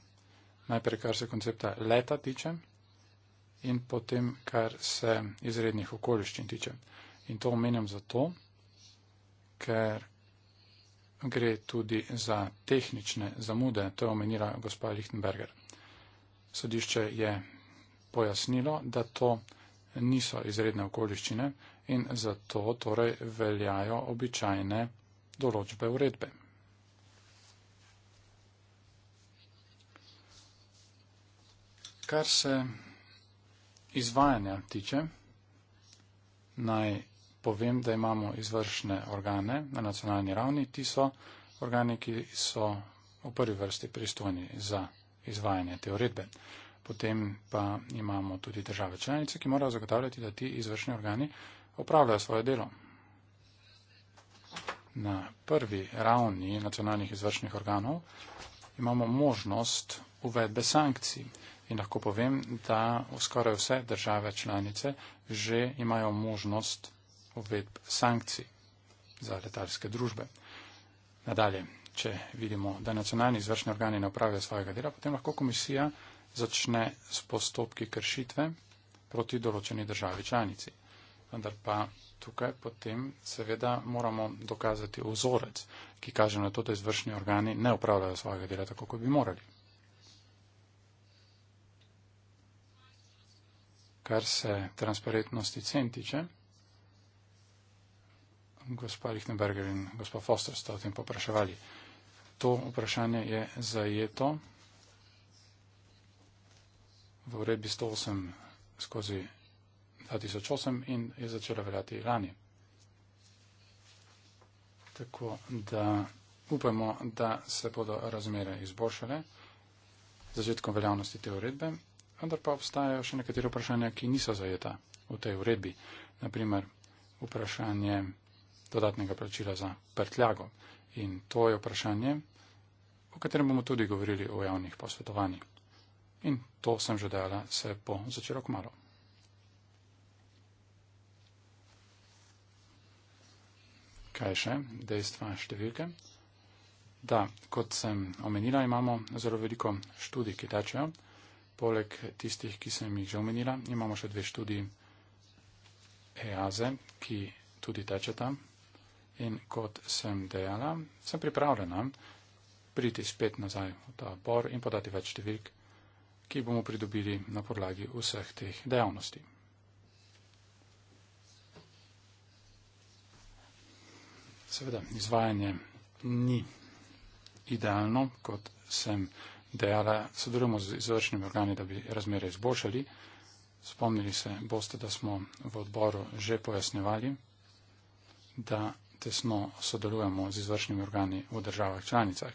Najprej, kar se koncepta leta tiče in potem, kar se izrednih okoliščin tiče. In to omenjam zato, ker gre tudi za tehnične zamude. To je omenila gospa Lichtenberger. Sodišče je pojasnilo, da to niso izredne okoliščine in zato torej veljajo običajne določbe uredbe. kar se izvajanja tiče, naj povem, da imamo izvršne organe na nacionalni ravni. Ti so organi, ki so v prvi vrsti pristojni za izvajanje te uredbe. Potem pa imamo tudi države članice, ki morajo zagotavljati, da ti izvršni organi opravljajo svoje delo. Na prvi ravni nacionalnih izvršnih organov imamo možnost uvedbe sankcij in lahko povem, da skoraj vse države članice že imajo možnost uvedb sankcij za letalske družbe. Nadalje, če vidimo, da nacionalni izvršni organi ne upravijo svojega dela, potem lahko komisija začne s postopki kršitve proti določeni državi članici. Vendar pa tukaj potem seveda moramo dokazati ozorec, ki kaže na to, da izvršni organi ne upravljajo svojega dela tako, kot bi morali. kar se transparentnosti cen tiče. Gospa Lichtenberger in gospa Foster sta o tem popraševali. To vprašanje je zajeto v uredbi 108 skozi 2008 in je začela veljati lani. Tako da upamo, da se bodo razmere izboljšale začetkom veljavnosti te uredbe vendar pa obstajajo še nekatere vprašanja, ki niso zajeta v tej uredbi. Naprimer, vprašanje dodatnega plačila za prtljago. In to je vprašanje, o katerem bomo tudi govorili o javnih posvetovanjih. In to sem že dejala, se bo začelo kmalo. Kaj še? Dejstva številke. Da, kot sem omenila, imamo zelo veliko študij, ki tečejo poleg tistih, ki sem jih že omenila, imamo še dve študiji EAZE, ki tudi tečeta. In kot sem dejala, sem pripravljena priti spet nazaj v ta bor in podati več številk, ki bomo pridobili na podlagi vseh teh dejavnosti. Seveda, izvajanje ni idealno, kot sem dejala, sodelujemo z izvršnimi organi, da bi razmere izboljšali. Spomnili se boste, da smo v odboru že pojasnjevali, da tesno sodelujemo z izvršnimi organi v državah članicah.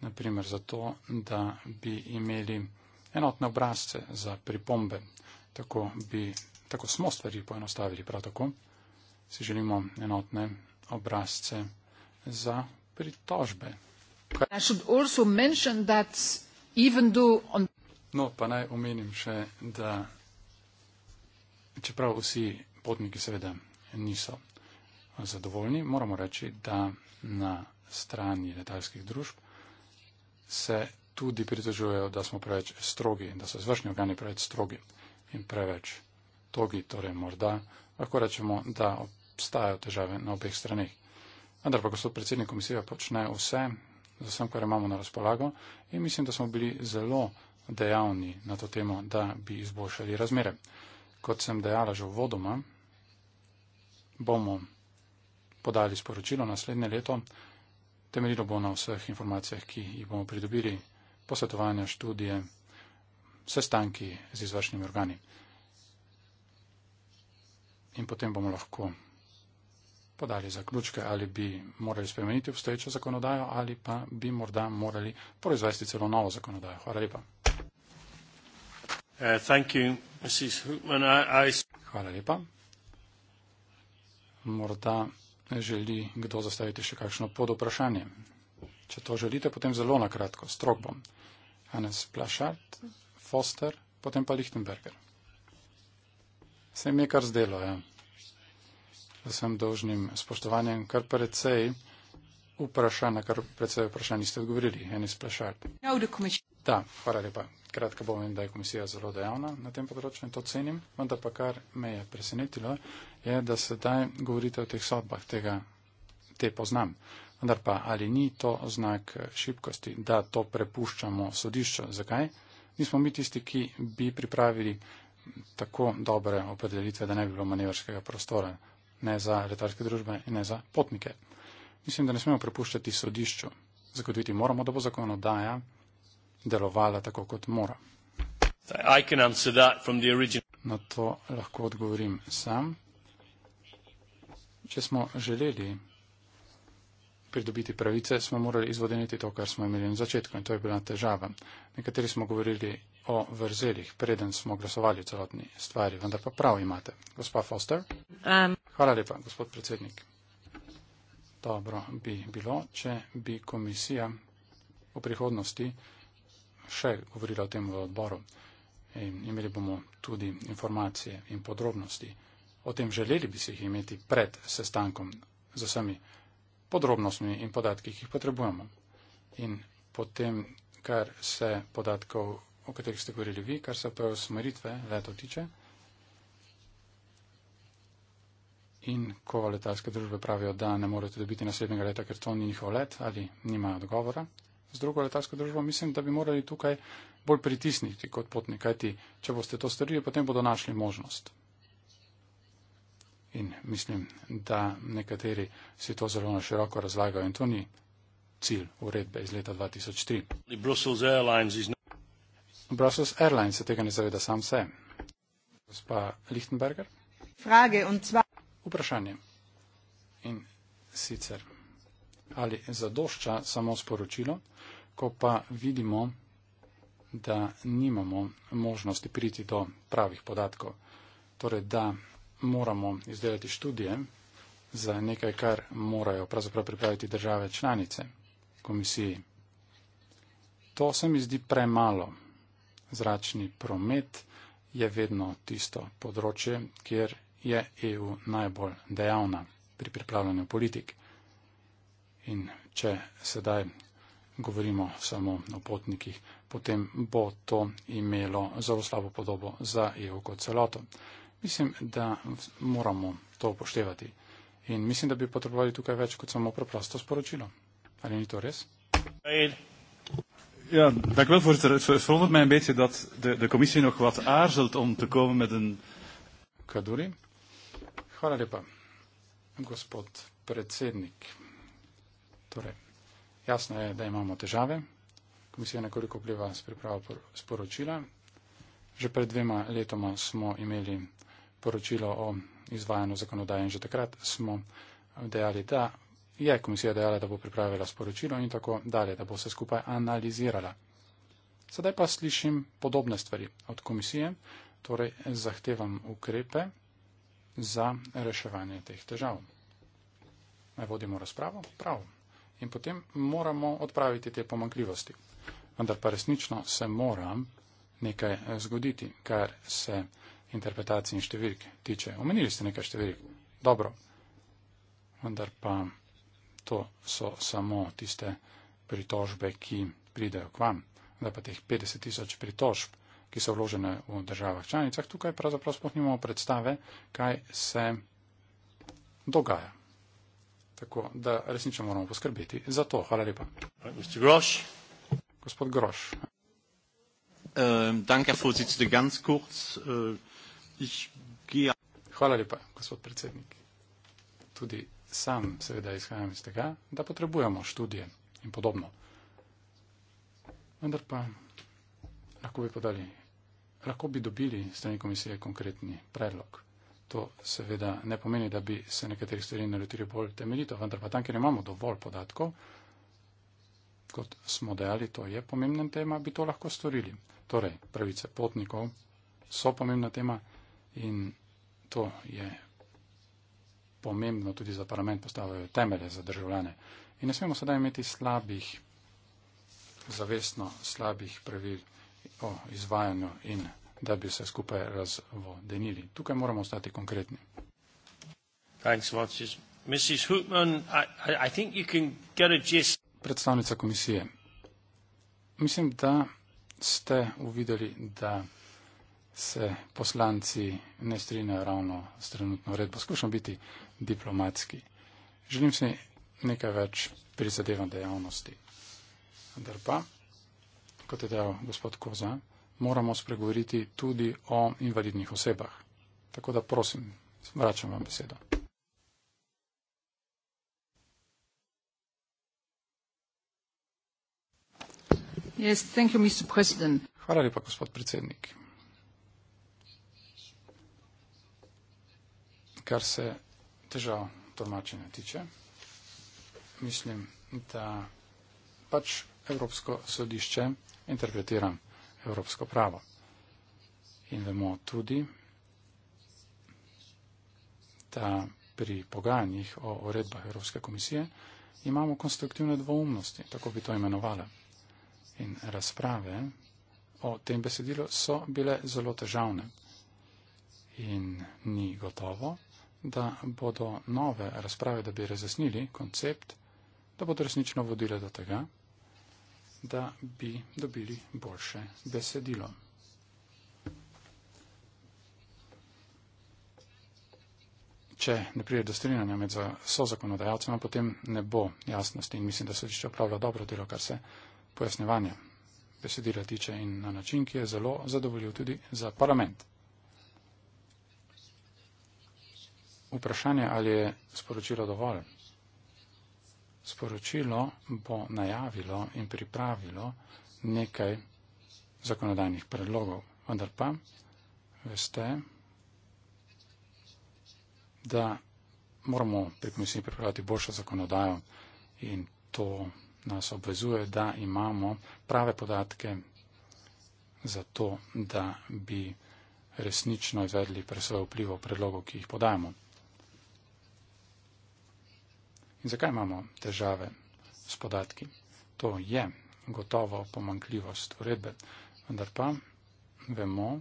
Naprimer zato, da bi imeli enotne obrazce za pripombe. Tako, bi, tako smo stvari poenostavili prav tako. Si želimo enotne obrazce za pritožbe i should also mention that even though on no pa naj omenim še da čeprav vsi potniki seveda niso zadovoljni moramo reči da na strani letalskih družb se tudi pritožujejo da smo preveč strogi da so izvršni organi preveč strogi in preveč togi torej morda lahko rečemo da obstajajo težave na obeh straneh Vendar pa gospod predsednik komisije počne vse, z vsem, kar imamo na razpolago in mislim, da smo bili zelo dejavni na to temo, da bi izboljšali razmere. Kot sem dejala že v vodoma, bomo podali sporočilo naslednje leto, temeljilo bo na vseh informacijah, ki jih bomo pridobili, posvetovanja, študije, sestanki z izvršnimi organi. In potem bomo lahko podali zaključke, ali bi morali spremeniti obstoječo zakonodajo ali pa bi morda morali proizvesti celo novo zakonodajo. Hvala lepa. Uh, Hvala lepa. Morda želi kdo zastaviti še kakšno pod vprašanje. Če to želite, potem zelo na kratko, strok bom. Hannes Plašat, Foster, potem pa Lichtenberger. Se mi je kar zdelo, ja z vsem dožnim spoštovanjem, kar precej vprašanj, na kar precej vprašanj niste odgovorili, Enis Plešard. Da, hvala lepa. Kratka bom in da je komisija zelo dejavna na tem področju in to cenim, vendar pa kar me je presenetilo, je, da sedaj govorite o teh sodbah, tega te poznam. Vendar pa ali ni to znak eh, šibkosti, da to prepuščamo sodišču? Zakaj? Nismo mi tisti, ki bi pripravili tako dobre opredelitve, da ne bi bilo manevrskega prostora ne za letalske družbe in ne za potnike. Mislim, da ne smemo prepuščati sodišču. Zagotoviti moramo, da bo zakonodaja delovala tako, kot mora. Na to lahko odgovorim sam. Če smo želeli pridobiti pravice, smo morali izvodeniti to, kar smo imeli na začetku in to je bila težava. Nekateri smo govorili o vrzelih, preden smo glasovali celotni stvari, vendar pa prav imate. Gospa Foster. Um. Hvala lepa, gospod predsednik. Dobro bi bilo, če bi komisija v prihodnosti še govorila o tem v odboru. In imeli bomo tudi informacije in podrobnosti. O tem želeli bi si jih imeti pred sestankom z vsemi podrobnostmi in podatki, ki jih potrebujemo. In potem, kar se podatkov, o katerih ste govorili vi, kar se pa usmeritve leto tiče. in ko letalske družbe pravijo, da ne morete dobiti naslednjega leta, ker to ni njihov let ali nimajo dogovora z drugo letalsko družbo, mislim, da bi morali tukaj bolj pritisniti kot potnik, kajti če boste to storili, potem bodo našli možnost. In mislim, da nekateri si to zelo na široko razlagajo in to ni cilj uredbe iz leta 2003. Brussels Airlines se tega ne zaveda sam se. Gospa Lichtenberger. Frage und zwar vprašanje. In sicer, ali zadošča samo sporočilo, ko pa vidimo, da nimamo možnosti priti do pravih podatkov. Torej, da moramo izdelati študije za nekaj, kar morajo pravzaprav pripraviti države članice komisiji. To se mi zdi premalo. Zračni promet je vedno tisto področje, kjer je EU najbolj dejavna pri pripravljanju politik. In če sedaj govorimo samo o potnikih, potem bo to imelo zelo slabo podobo za EU kot celoto. Mislim, da moramo to upoštevati. In mislim, da bi potrebovali tukaj več kot samo preprosto sporočilo. Ali ni to res? Ed. Ja, dank u wel, voorzitter. Het verondert mij een beetje dat de, de commissie nog wat aarzelt om te komen met een... Kaduri? Hvala lepa, gospod predsednik. Torej, jasno je, da imamo težave. Komisija nekoliko vpliva s pripravo sporočila. Že pred dvema letoma smo imeli poročilo o izvajanju zakonodaje in že takrat smo dejali, da je komisija dejala, da bo pripravila sporočilo in tako dalje, da bo se skupaj analizirala. Sedaj pa slišim podobne stvari od komisije, torej zahtevam ukrepe za reševanje teh težav. Naj vodimo razpravo? Prav. In potem moramo odpraviti te pomankljivosti. Vendar pa resnično se mora nekaj eh, zgoditi, kar se interpretacij in številk tiče. Omenili ste nekaj številk. Dobro. Vendar pa to so samo tiste pritožbe, ki pridejo k vam. Da pa teh 50 tisoč pritožb ki so vložene v državah članicah. Tukaj pravzaprav sploh nimamo predstave, kaj se dogaja. Tako da resnično moramo poskrbeti za to. Hvala lepa. Grosch. Gospod Groš. Ähm, äh, Hvala lepa, gospod predsednik. Tudi sam seveda izhajam iz tega, da potrebujemo študije in podobno. Vendar pa lahko bi podali lahko bi dobili strani komisije konkretni predlog. To seveda ne pomeni, da bi se nekateri stvari nalotili bolj temeljito, vendar pa tam, kjer imamo dovolj podatkov, kot smo dejali, to je pomemben tema, bi to lahko storili. Torej, pravice potnikov so pomembna tema in to je pomembno tudi za parlament, postavljajo temelje za državljane. In ne smemo sedaj imeti slabih, zavestno slabih pravil o izvajanju in da bi se skupaj razvodenili. Tukaj moramo ostati konkretni. Predstavnica komisije, mislim, da ste uvideli, da se poslanci ne strinjajo ravno s trenutno uredbo. Skušam biti diplomatski. Želim si nekaj več prizadevan dejavnosti. Vendar pa kot je dejal gospod Koza, moramo spregovoriti tudi o invalidnih osebah. Tako da prosim, vračam vam besedo. Yes, thank you, Mr. President. Hvala lepa, gospod predsednik. Kar se težav tolmačenja tiče, mislim, da pač Evropsko sodišče interpretiram evropsko pravo. In vemo tudi, da pri pogajanjih o uredbah Evropske komisije imamo konstruktivne dvoumnosti, tako bi to imenovala. In razprave o tem besedilu so bile zelo težavne. In ni gotovo, da bodo nove razprave, da bi razjasnili koncept, da bodo resnično vodile do tega, da bi dobili boljše besedilo. Če ne pride do strinjanja med sozakonodajalcema, potem ne bo jasnosti in mislim, da se lišče opravlja dobro delo, kar se pojasnevanja besedila tiče in na način, ki je zelo zadovoljiv tudi za parlament. Vprašanje, ali je sporočilo dovolj sporočilo bo najavilo in pripravilo nekaj zakonodajnih predlogov. Vendar pa veste, da moramo pri komisiji pripraviti boljšo zakonodajo in to nas obvezuje, da imamo prave podatke za to, da bi resnično izvedli presojo vplivo predlogov, ki jih podajamo. In zakaj imamo težave s podatki? To je gotovo pomankljivost uredbe, vendar pa vemo,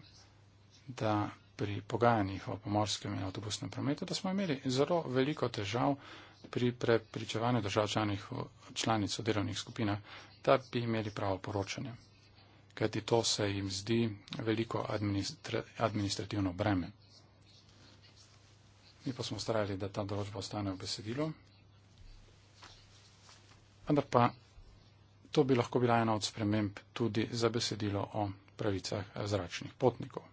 da pri pogajanjih o pomorskem in avtobusnem prometu, da smo imeli zelo veliko težav pri prepričevanju držav članih, članic v delovnih skupinah, da bi imeli pravo poročanje. Kajti to se jim zdi veliko administrativno breme. Mi pa smo starali, da ta določba ostane v besedilu vendar pa to bi lahko bila ena od sprememb tudi za besedilo o pravicah zračnih potnikov.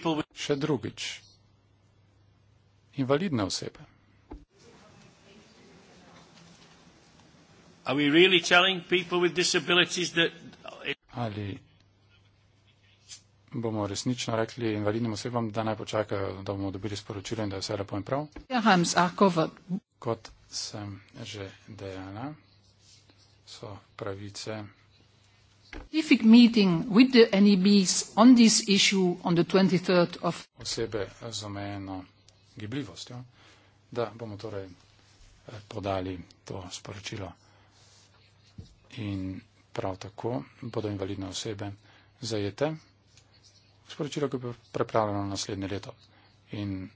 Še drugič. Invalidne osebe. Ali bomo resnično rekli invalidnim osebam, da naj počakajo, da bomo dobili sporočilo in da je vse lepo in prav. Ja, Hans, Kot sem že dejala, so pravice. Specific meeting with the NEBs on this issue on the 23rd of. Osebe z omejeno gibljivostjo, da bomo torej eh, podali to sporočilo. In prav tako bodo invalidne osebe zajete sporočilo, ki bi prepravljeno naslednje leto. In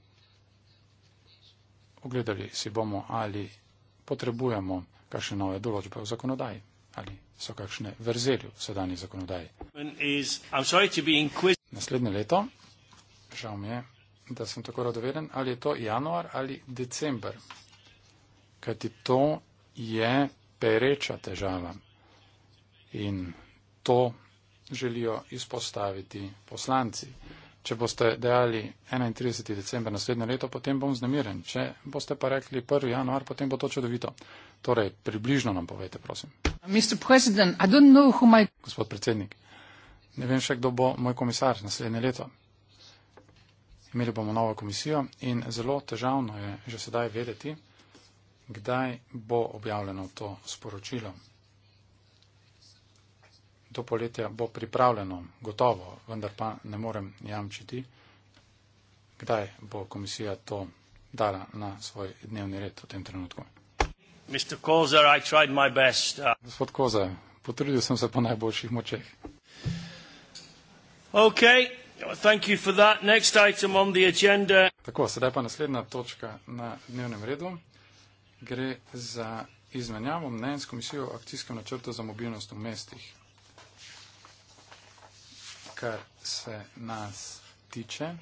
ogledali si bomo, ali potrebujemo kakšne nove določbe v zakonodaji, ali so kakšne verzeli v sedanji zakonodaji. Naslednje leto, žal mi je, da sem tako radoveden, ali je to januar ali december, kajti to je pereča težava. In to želijo izpostaviti poslanci. Če boste dejali 31. decembr naslednje leto, potem bom znemiren. Če boste pa rekli 1. januar, potem bo to čudovito. Torej, približno nam povete, prosim. My... Gospod predsednik, ne vem še, kdo bo moj komisar naslednje leto. Imeli bomo novo komisijo in zelo težavno je že sedaj vedeti, kdaj bo objavljeno to sporočilo do poletja bo pripravljeno, gotovo, vendar pa ne morem jamčiti, kdaj bo komisija to dala na svoj dnevni red v tem trenutku.
Kozer, best, uh...
Gospod Koza, potrudil sem se po najboljših močeh. Okay. Thank you for that. Next item on the agenda. Tako, sedaj pa naslednja točka na dnevnem redu. Gre za izmenjavo mnenj s komisijo o akcijskem načrtu za mobilnost v mestih kar se nas tiče,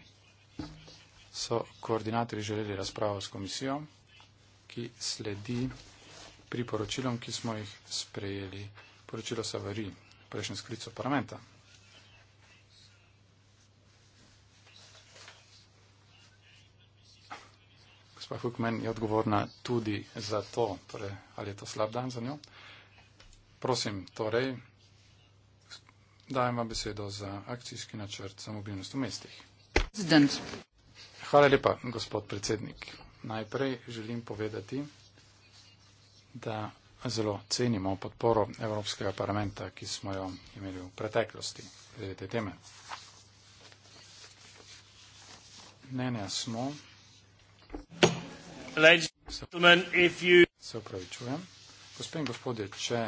so koordinatorji želeli razpravo s komisijo, ki sledi priporočilom, ki smo jih sprejeli. Poročilo se vari v prejšnjem sklicu parlamenta. Gospa Hukmen je odgovorna tudi za to, torej, ali je to slab dan za njo. Prosim, torej, dajem vam besedo za akcijski načrt za mobilnost v mestih. Prezident. Hvala lepa, gospod predsednik. Najprej želim povedati, da zelo cenimo podporo Evropskega parlamenta, ki smo jo imeli v preteklosti glede te teme. Mnenja smo. Se opravičujem. Gospod in gospodje, če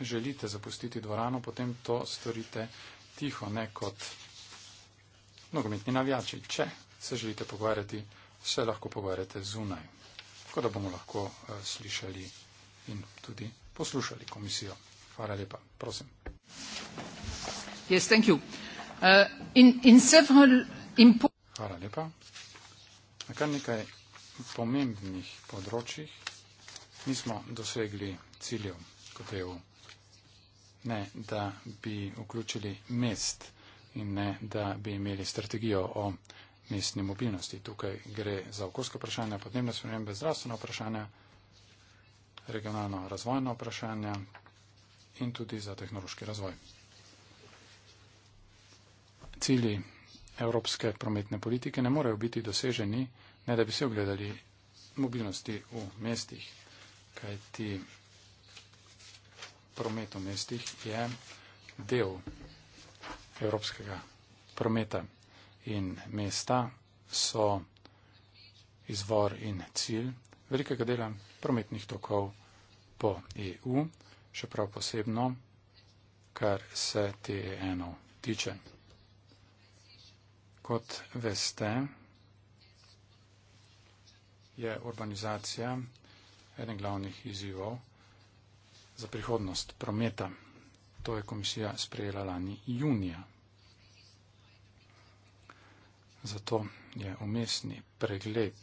želite zapustiti dvorano, potem to storite tiho, ne kot nogometni navijači. Če se želite pogovarjati, se lahko pogovarjate zunaj, tako da bomo lahko eh, slišali in tudi poslušali komisijo. Hvala lepa. Prosim.
Yes, thank you. Uh, in, in several impo-
Hvala lepa. Na kar nekaj pomembnih področjih nismo dosegli ciljev kot EU ne da bi vključili mest in ne da bi imeli strategijo o mestni mobilnosti. Tukaj gre za okoljske vprašanja, podnebne spremembe, zdravstvene vprašanja, regionalno razvojno vprašanja in tudi za tehnološki razvoj. Cili evropske prometne politike ne morejo biti doseženi, ne da bi se ogledali mobilnosti v mestih, kajti promet v mestih je del evropskega prometa in mesta so izvor in cilj velikega dela prometnih tokov po EU, še prav posebno, kar se TEN-ov e tiče. Kot veste, je urbanizacija eden glavnih izzivov za prihodnost prometa. To je komisija sprejela lani junija. Zato je umestni pregled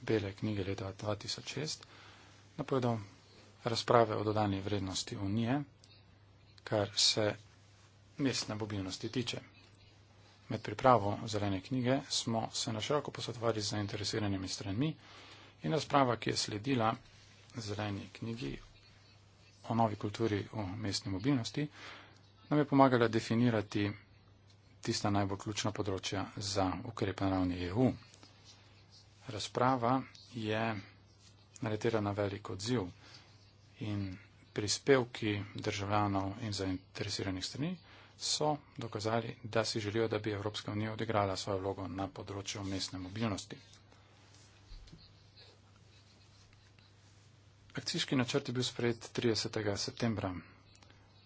Bele knjige leta 2006 napovedal razprave o dodani vrednosti Unije, kar se mestne mobilnosti tiče. Med pripravo zelene knjige smo se na široko posvetovali z zainteresiranimi stranmi in razprava, ki je sledila zeleni knjigi o novi kulturi o mestni mobilnosti, nam je pomagala definirati tista najbolj ključna področja za ukrepe na ravni EU. Razprava je naletela na velik odziv in prispevki državljanov in zainteresiranih strani so dokazali, da si želijo, da bi Evropska unija odigrala svojo vlogo na področju mestne mobilnosti. Akcijski načrt je bil sprejet 30. septembra.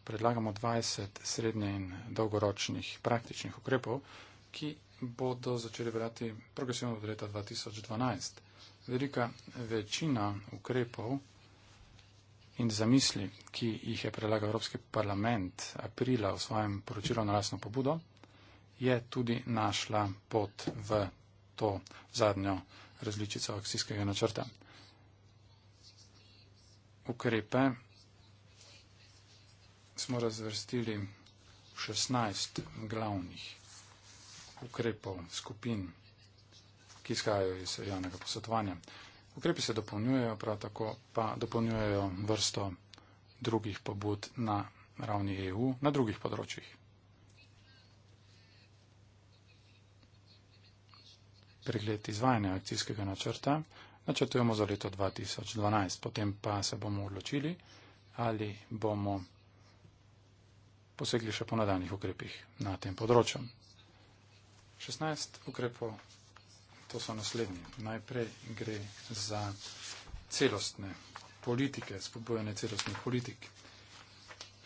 Predlagamo 20 srednje in dolgoročnih praktičnih ukrepov, ki bodo začeli veljati progresivno od leta 2012. Velika večina ukrepov in zamisli, ki jih je predlagal Evropski parlament aprila v svojem poročilu na lasno pobudo, je tudi našla pot v to zadnjo različico akcijskega načrta ukrepe smo razvrstili v 16 glavnih ukrepov skupin, ki izhajajo iz javnega posvetovanja. Ukrepi se dopolnjujejo, prav tako pa dopolnjujejo vrsto drugih pobud na ravni EU na drugih področjih. Pregled izvajanja akcijskega načrta načrtujemo za leto 2012. Potem pa se bomo odločili, ali bomo posegli še po nadaljnih ukrepih na tem področju. 16 ukrepov, to so naslednji. Najprej gre za celostne politike, spodbojene celostnih politik.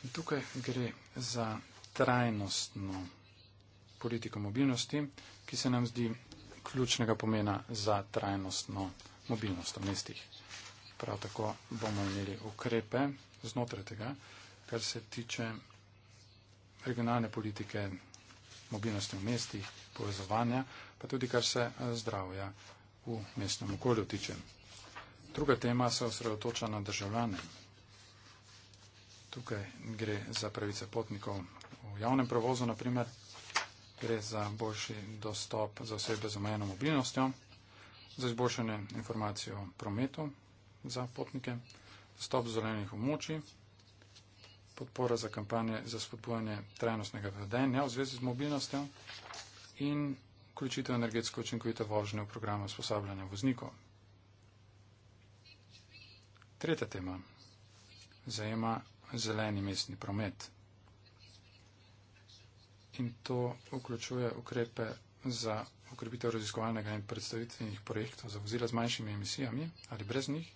In tukaj gre za trajnostno politiko mobilnosti, ki se nam zdi ključnega pomena za trajnostno politiko mobilnost v mestih. Prav tako bomo imeli ukrepe znotraj tega, kar se tiče regionalne politike mobilnosti v mestih, povezovanja, pa tudi kar se eh, zdravja v mestnem okolju tiče. Druga tema se osredotoča na državljane. Tukaj gre za pravice potnikov v javnem prevozu, naprimer gre za boljši dostop za osebe z omejeno mobilnostjo za izboljšanje informacij o prometu za potnike, dostop do zelenih območij, podpora za kampanje za spodbujanje trajnostnega vedenja v zvezi z mobilnostjo in vključitev energetsko učinkovite vožnje v programu usposabljanja voznikov. Tretja tema zajema zeleni mestni promet. In to vključuje ukrepe za ukrepitev raziskovalnega in predstavitvenih projektov za vozila z manjšimi emisijami ali brez njih.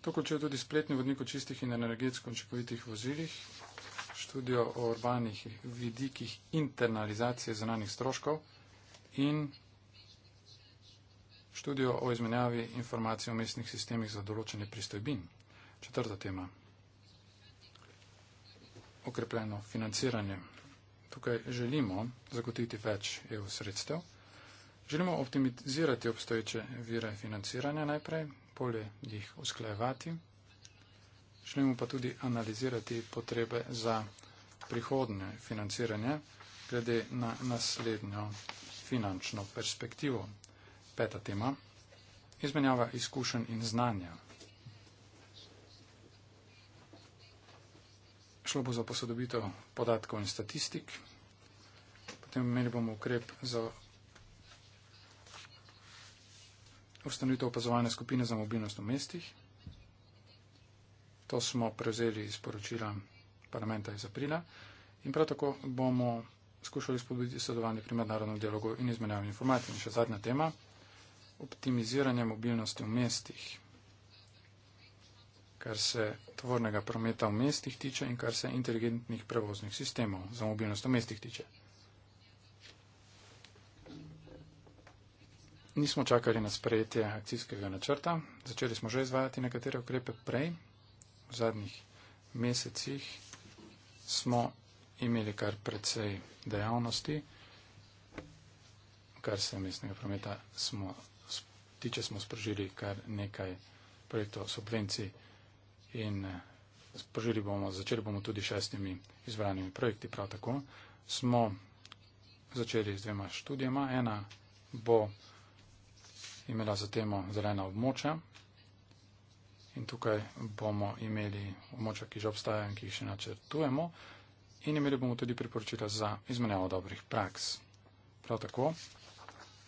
To končuje tudi spletni vodnik o čistih in energetsko učinkovitih vozilih, študijo o urbanih vidikih internalizacije zunanjih stroškov in študijo o izmenjavi informacij o mestnih sistemih za določene pristojbin. Četrta tema. Okrepljeno financiranje tukaj želimo zagotoviti več EU sredstev. Želimo optimizirati obstoječe vire financiranja najprej, bolje jih usklajevati. Želimo pa tudi analizirati potrebe za prihodnje financiranje glede na naslednjo finančno perspektivo. Peta tema. Izmenjava izkušenj in znanja. šlo bo za posodobitev podatkov in statistik. Potem imeli bomo ukrep za ustanovitev opazovalne skupine za mobilnost v mestih. To smo prevzeli iz poročila parlamenta iz aprila. In prav tako bomo skušali spodbuditi sodelovanje pri mednarodnem dialogu in izmenjavi informacij. In še zadnja tema, optimiziranje mobilnosti v mestih kar se tvornega prometa v mestih tiče in kar se inteligentnih prevoznih sistemov za mobilnost v mestih tiče. Nismo čakali na sprejetje akcijskega načrta. Začeli smo že izvajati nekatere ukrepe prej. V zadnjih mesecih smo imeli kar precej dejavnosti, kar se mestnega prometa smo, tiče smo sprožili kar nekaj projektov subvencij in eh, požili bomo, začeli bomo tudi šestimi izvranimi projekti, prav tako smo začeli z dvema študijama. Ena bo imela za temo zelena območja in tukaj bomo imeli območja, ki že obstajajo in ki jih še načrtujemo in imeli bomo tudi priporočila za izmenjavo dobrih praks. Prav tako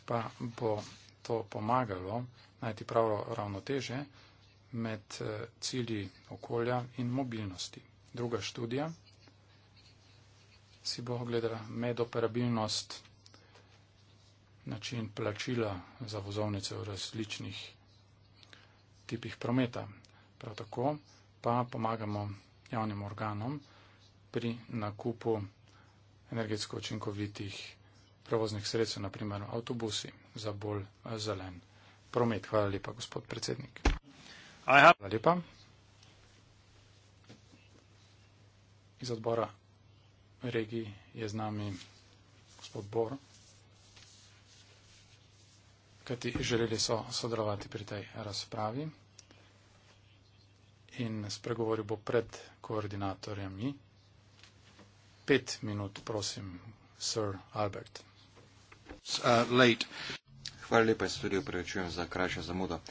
pa bo to pomagalo najti pravo ravnoteže med eh, cilji okolja in mobilnosti. Druga študija si bo ogledala medoperabilnost, način plačila za vozovnice v različnih tipih prometa. Prav tako pa pomagamo javnim organom pri nakupu energetsko učinkovitih prevoznih sredstev, naprimer avtobusi, za bolj eh, zelen promet. Hvala lepa, gospod predsednik. Hvala lepa. Iz odbora regij je z nami gospod Bor, kajti želeli so sodelovati pri tej razpravi in spregovoril bo pred koordinatorjami. Pet minut, prosim, sir Albert.
Uh, Hvala lepa, jaz tudi opravičujem za krajšo zamudo. Uh,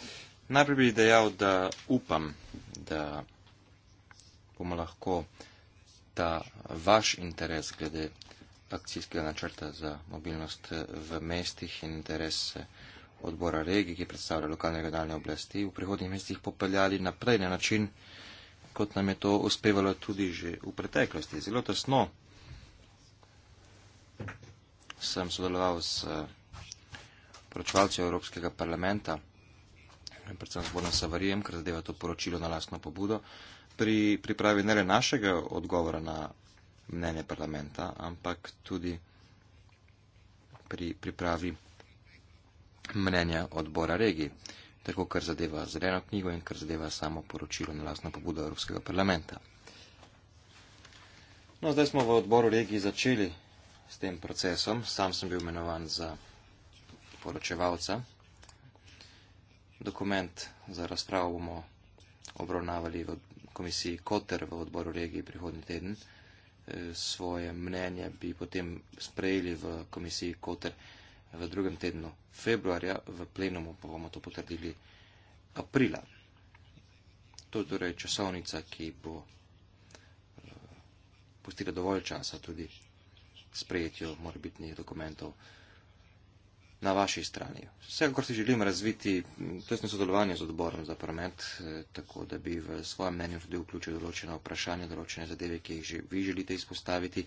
Najprej bi dejal, da upam, da bomo lahko ta vaš interes glede akcijskega načrta za mobilnost v mestih in interes odbora regij, ki predstavlja lokalne regionalne oblasti, v prihodnjih mestih popeljali naprej na način, kot nam je to uspevalo tudi že v preteklosti. Zelo tesno sem sodeloval s poročevalci Evropskega parlamenta predvsem zborna Savarijem, ker zadeva to poročilo na lastno pobudo, pri pripravi ne le našega odgovora na mnenje parlamenta, ampak tudi pri pripravi mnenja odbora regij, tako kar zadeva zeleno knjigo in kar zadeva samo poročilo na lastno pobudo Evropskega parlamenta. No, zdaj smo v odboru regij začeli s tem procesom. Sam sem bil imenovan za poročevalca dokument za razpravo bomo obravnavali v komisiji Koter v odboru regiji prihodnji teden. E, svoje mnenje bi potem sprejeli v komisiji Koter v drugem tednu februarja, v plenumu pa bomo to potrdili aprila. To je torej časovnica, ki bo e, pustila dovolj časa tudi sprejetju morbitnih dokumentov na vaši strani. Vsekakor si želim razviti tesno sodelovanje z odborom za promet, eh, tako da bi v svojem mnenju tudi vključil določene vprašanja, določene zadeve, ki jih že vi želite izpostaviti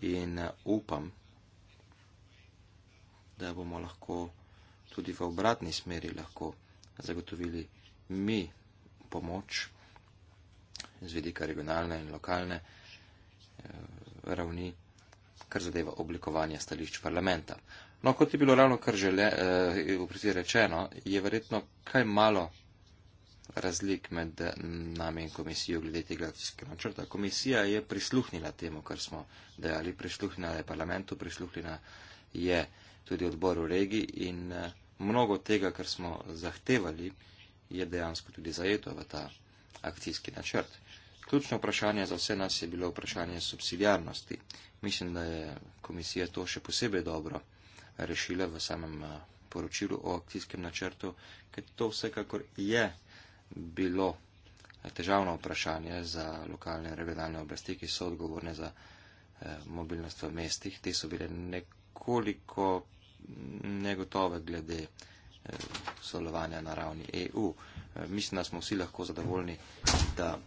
in eh, upam, da bomo lahko tudi v obratni smeri lahko zagotovili mi pomoč z vidika regionalne in lokalne eh, ravni, kar zadeva oblikovanje stališč parlamenta. No, kot je bilo ravno kar žele, eh, rečeno, je verjetno kaj malo razlik med nami in komisijo glede tega akcijskega načrta. Komisija je prisluhnila temu, kar smo dejali, prisluhnila je parlamentu, prisluhnila je tudi odboru regi in eh, mnogo tega, kar smo zahtevali, je dejansko tudi zajeto v ta akcijski načrt. Ključno vprašanje za vse nas je bilo vprašanje subsidijarnosti. Mislim, da je komisija to še posebej dobro rešile v samem eh, poročilu o akcijskem načrtu, ker to vsekakor je bilo eh, težavno vprašanje za lokalne regionalne oblasti, ki so odgovorne za eh, mobilnost v mestih. Te so bile nekoliko negotove glede sodelovanja na ravni EU. Mislim, da smo vsi lahko zadovoljni, da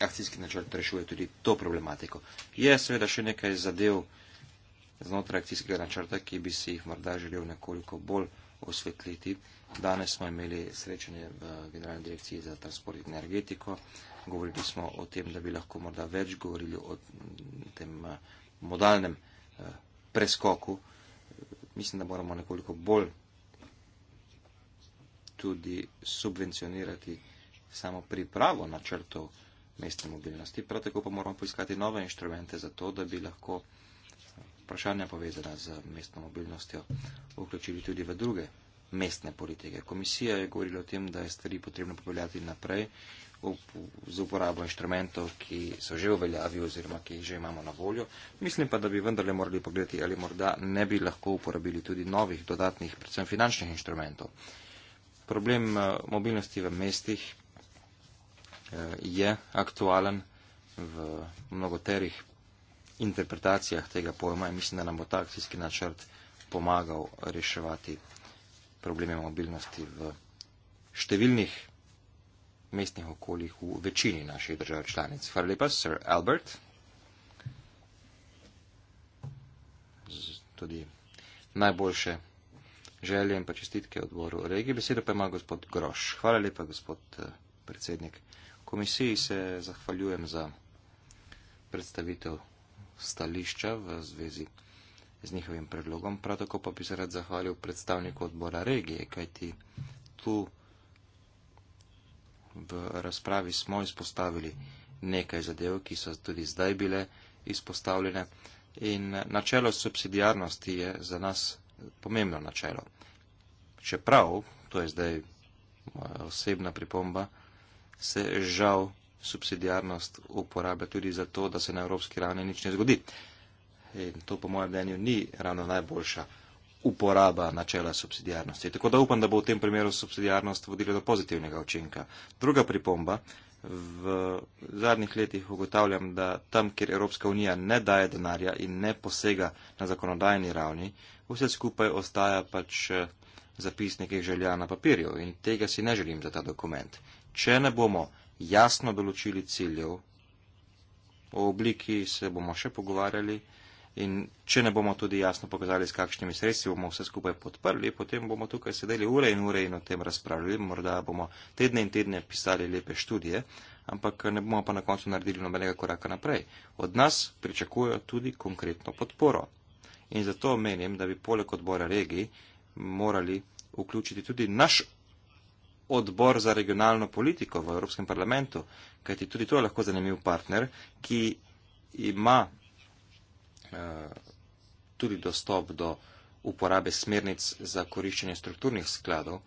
akcijski načrt rešuje tudi to problematiko. Je seveda še nekaj zadev, znotraj akcijskega načrta, ki bi si jih morda želel nekoliko bolj osvetliti. Danes smo imeli srečanje v Generalni direkciji za transport in energetiko. Govorili smo o tem, da bi lahko morda več govorili o tem eh, modalnem eh, preskoku. Mislim, da moramo nekoliko bolj tudi subvencionirati samo pripravo načrtov mestne mobilnosti. Prav tako pa moramo poiskati nove inštrumente za to, da bi lahko vprašanja povezana z mestno mobilnostjo vključili tudi v druge mestne politike. Komisija je govorila o tem, da je stvari potrebno popeljati naprej z uporabo inštrumentov, ki so že v veljavi oziroma ki jih že imamo na voljo. Mislim pa, da bi vendarle morali pogledati, ali morda ne bi lahko uporabili tudi novih, dodatnih, predvsem finančnih inštrumentov. Problem eh, mobilnosti v mestih eh, je aktualen v mnogoterih interpretacijah tega pojma in mislim, da nam bo ta akcijski načrt pomagal reševati probleme mobilnosti v številnih mestnih okoljih v večini naših držav članic. Hvala lepa, Sir Albert. Z tudi najboljše želje in pa čestitke odboru regije. Besedo pa ima gospod Groš. Hvala lepa, gospod eh, predsednik komisiji. Se zahvaljujem za predstavitev stališča v zvezi z njihovim predlogom. Prav tako pa bi se rad zahvalil predstavniku odbora regije, kajti tu v razpravi smo izpostavili nekaj zadev, ki so tudi zdaj bile izpostavljene. In načelo subsidijarnosti je za nas pomembno načelo. Čeprav, to je zdaj moja osebna pripomba, se žal subsidijarnost uporablja tudi zato, da se na evropski ravni nič ne zgodi. In to, po mojem mnenju, ni ravno najboljša uporaba načela subsidijarnosti. Tako da upam, da bo v tem primeru subsidijarnost vodila do pozitivnega učinka. Druga pripomba. V zadnjih letih ugotavljam, da tam, kjer Evropska unija ne daje denarja in ne posega na zakonodajni ravni, vse skupaj ostaja pač eh, zapis nekih želja na papirju in tega si ne želim za ta dokument. Če ne bomo jasno določili ciljev, o obliki se bomo še pogovarjali in če ne bomo tudi jasno pokazali, s kakšnimi sredstvi bomo vse skupaj podprli, potem bomo tukaj sedeli ure in ure in o tem razpravljali, morda bomo tedne in tedne pisali lepe študije, ampak ne bomo pa na koncu naredili nobenega koraka naprej. Od nas pričakujejo tudi konkretno podporo. In zato menim, da bi poleg odbora regij morali vključiti tudi naš odbor za regionalno politiko v Evropskem parlamentu, kajti tudi to je lahko zanimiv partner, ki ima eh, tudi dostop do uporabe smernic za koriščenje strukturnih skladov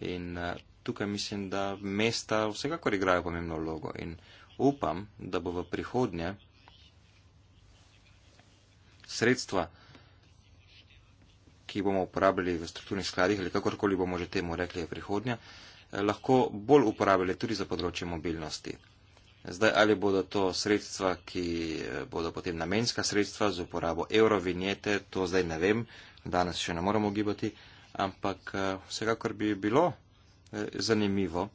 in eh, tukaj mislim, da mesta vsekakor igrajo pomembno vlogo in upam, da bo v prihodnje sredstva, ki bomo uporabljali v strukturnih skladih ali kakorkoli bomo že temu rekli v prihodnje, Eh, lahko bolj uporabljali tudi za področje mobilnosti. Zdaj, ali bodo to sredstva, ki eh, bodo potem namenska sredstva z uporabo eurovinjete, to zdaj ne vem, danes še ne moramo gibati, ampak eh, vsekakor bi bilo zanimivo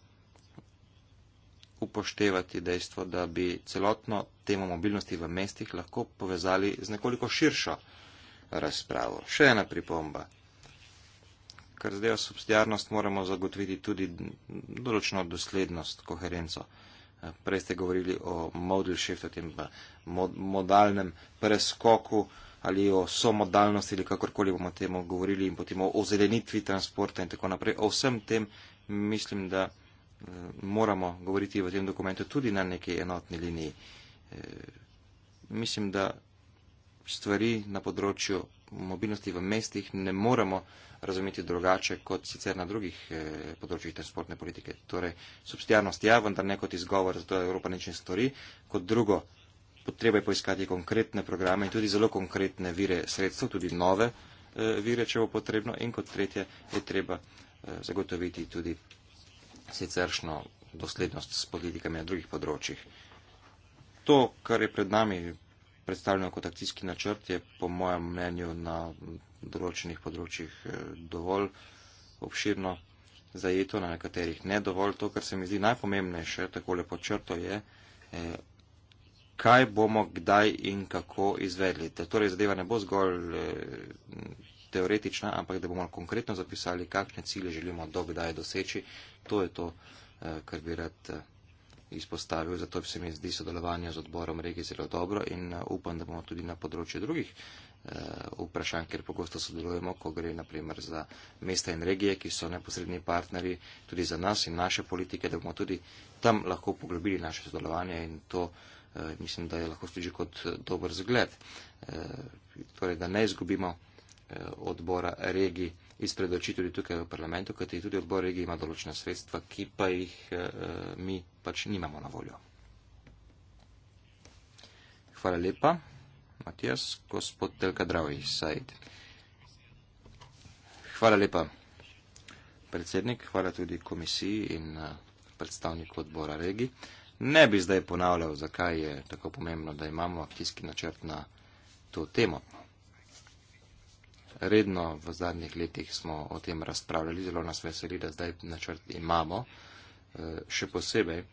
upoštevati dejstvo, da bi celotno temo mobilnosti v mestih lahko povezali z nekoliko širšo razpravo. Še ena pripomba kar zdaj subsidijarnost, moramo zagotoviti tudi določeno doslednost, koherenco. Eh, prej ste govorili o modal shift, o tem eh, mod, modalnem preskoku ali o somodalnosti ali kakorkoli bomo temu govorili in potem o ozelenitvi transporta in tako naprej. O vsem tem mislim, da eh, moramo govoriti v tem dokumentu tudi na neki enotni liniji. Mislim, da stvari na področju mobilnosti v mestih ne moremo razumeti drugače kot sicer na drugih eh, področjih transportne politike. Torej, substijarnost ja, vendar ne kot izgovor za to, da Evropa nič ne stori. Kot drugo, potreba je poiskati konkretne programe in tudi zelo konkretne vire sredstva, tudi nove eh, vire, če bo potrebno. In kot tretje, je treba eh, zagotoviti tudi siceršno doslednost s politikami na drugih področjih. To, kar je pred nami, predstavljeno kot akcijski načrt, je po mojem mnenju na določenih področjih eh, dovolj obširno zajeto, na nekaterih ne dovolj. To, kar se mi zdi najpomembnejše, takole po črto je, eh, kaj bomo kdaj in kako izvedli. Torej, zadeva ne bo zgolj eh, teoretična, ampak da bomo konkretno zapisali, kakšne cilje želimo do kdaj doseči. To je to, kar bi rad izpostavil, zato se mi zdi sodelovanje z odborom regije zelo dobro in eh, upam, da bomo tudi na področju drugih uh, vprašanj, ker pogosto sodelujemo, ko gre naprimer za mesta in regije, ki so neposredni partneri tudi za nas in naše politike, da bomo tudi tam lahko poglobili naše sodelovanje in to uh, mislim, da je lahko služi kot dober zgled. Uh, torej, da ne izgubimo uh, odbora regije izpredoči tudi tukaj v parlamentu, kajti tudi odbor regije ima določena sredstva, ki pa jih eh, eh, mi pač nimamo na voljo. Hvala lepa. Matijas, gospod Telka Dravi, Said. Hvala lepa, predsednik, hvala tudi komisiji in eh, predstavniku odbora regij. Ne bi zdaj ponavljal, zakaj je tako pomembno, da imamo akcijski načrt na to temo redno v zadnjih letih smo o tem razpravljali, zelo nas veseli, da zdaj načrt imamo. E, še posebej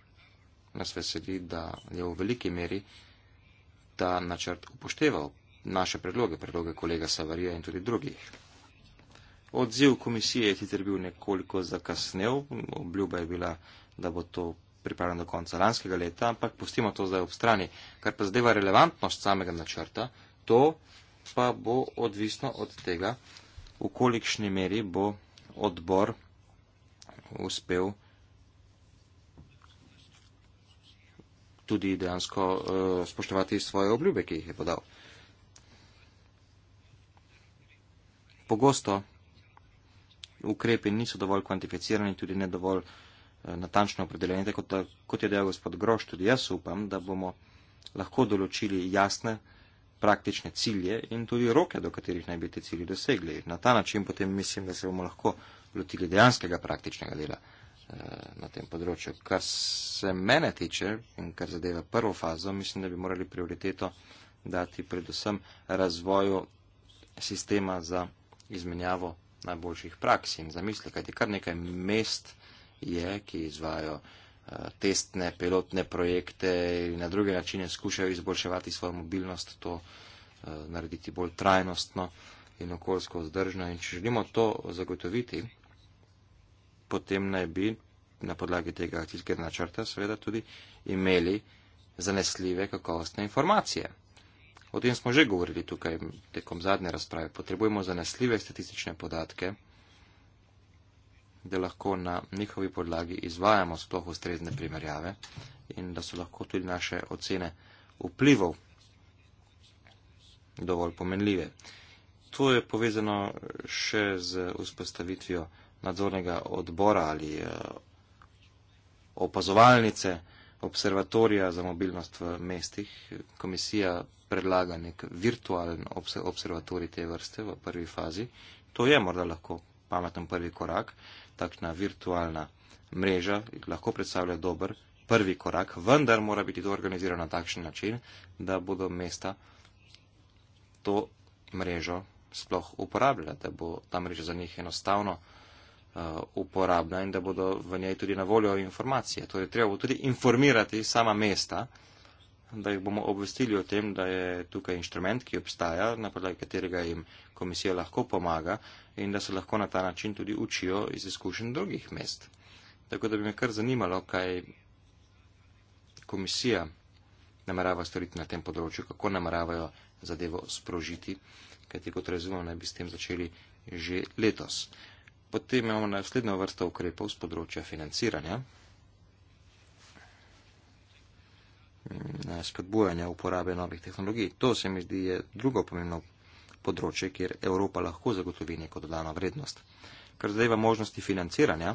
nas veseli, da je v veliki meri ta načrt upošteval naše predloge, predloge kolega Savarija in tudi drugih. Odziv komisije je sicer bil nekoliko zakasnel, obljuba je bila, da bo to pripravljeno do konca lanskega leta, ampak pustimo to zdaj ob strani. Kar pa zdaj va relevantnost samega načrta, to pa bo odvisno od tega, v kolikšni meri bo odbor uspel tudi dejansko uh, spoštovati svoje obljube, ki jih je podal. Pogosto ukrepi niso dovolj kvantificirani, tudi ne dovolj uh, natančno opredeljeni, tako da, kot je dejal gospod Groš, tudi jaz upam, da bomo lahko določili jasne praktične cilje in tudi roke, do katerih naj bi te cilje dosegli. Na ta način potem mislim, da se bomo lahko lotili dejanskega praktičnega dela eh, na tem področju. Kar se mene tiče in kar zadeva prvo fazo, mislim, da bi morali prioriteto dati predvsem razvoju sistema za izmenjavo najboljših praks in zamisli, kajti kar nekaj mest je, ki izvajo uh, testne, pilotne projekte in na druge načine skušajo izboljševati svojo mobilnost, to eh, narediti bolj trajnostno in okoljsko vzdržno. In če želimo to zagotoviti, potem naj bi na podlagi tega akcijskega načrta seveda tudi imeli zanesljive kakovostne informacije. O tem smo že govorili tukaj tekom zadnje razprave. Potrebujemo zanesljive statistične podatke da lahko na njihovi podlagi izvajamo sploh ustrezne primerjave in da so lahko tudi naše ocene vplivov dovolj pomenljive. To je povezano še z vzpostavitvijo nadzornega odbora ali eh, opazovalnice observatorija za mobilnost v mestih. Komisija predlaga nek virtualen observatorij te vrste v prvi fazi. To je morda lahko pameten prvi korak takšna virtualna mreža lahko predstavlja dober prvi korak, vendar mora biti to organizirano na takšen način, da bodo mesta to mrežo sploh uporabljala, da bo ta mreža za njih enostavno uh, uporabna in da bodo v njej tudi na voljo informacije. Torej, treba bo tudi informirati sama mesta, da jih bomo obvestili o tem, da je tukaj inštrument, ki obstaja, na podlagi katerega jim komisija lahko pomaga, in da se lahko na ta način tudi učijo iz izkušenj drugih mest. Tako da bi me kar zanimalo, kaj komisija namerava storiti na tem področju, kako nameravajo zadevo sprožiti, kajti kot razumem, naj bi s tem začeli že letos. Potem imamo naslednjo vrsto ukrepov z področja financiranja, mm, spodbujanja uporabe novih tehnologij. To se mi zdi je drugo pomembno področje, kjer Evropa lahko zagotovi neko dodano vrednost. Kar zadeva možnosti financiranja,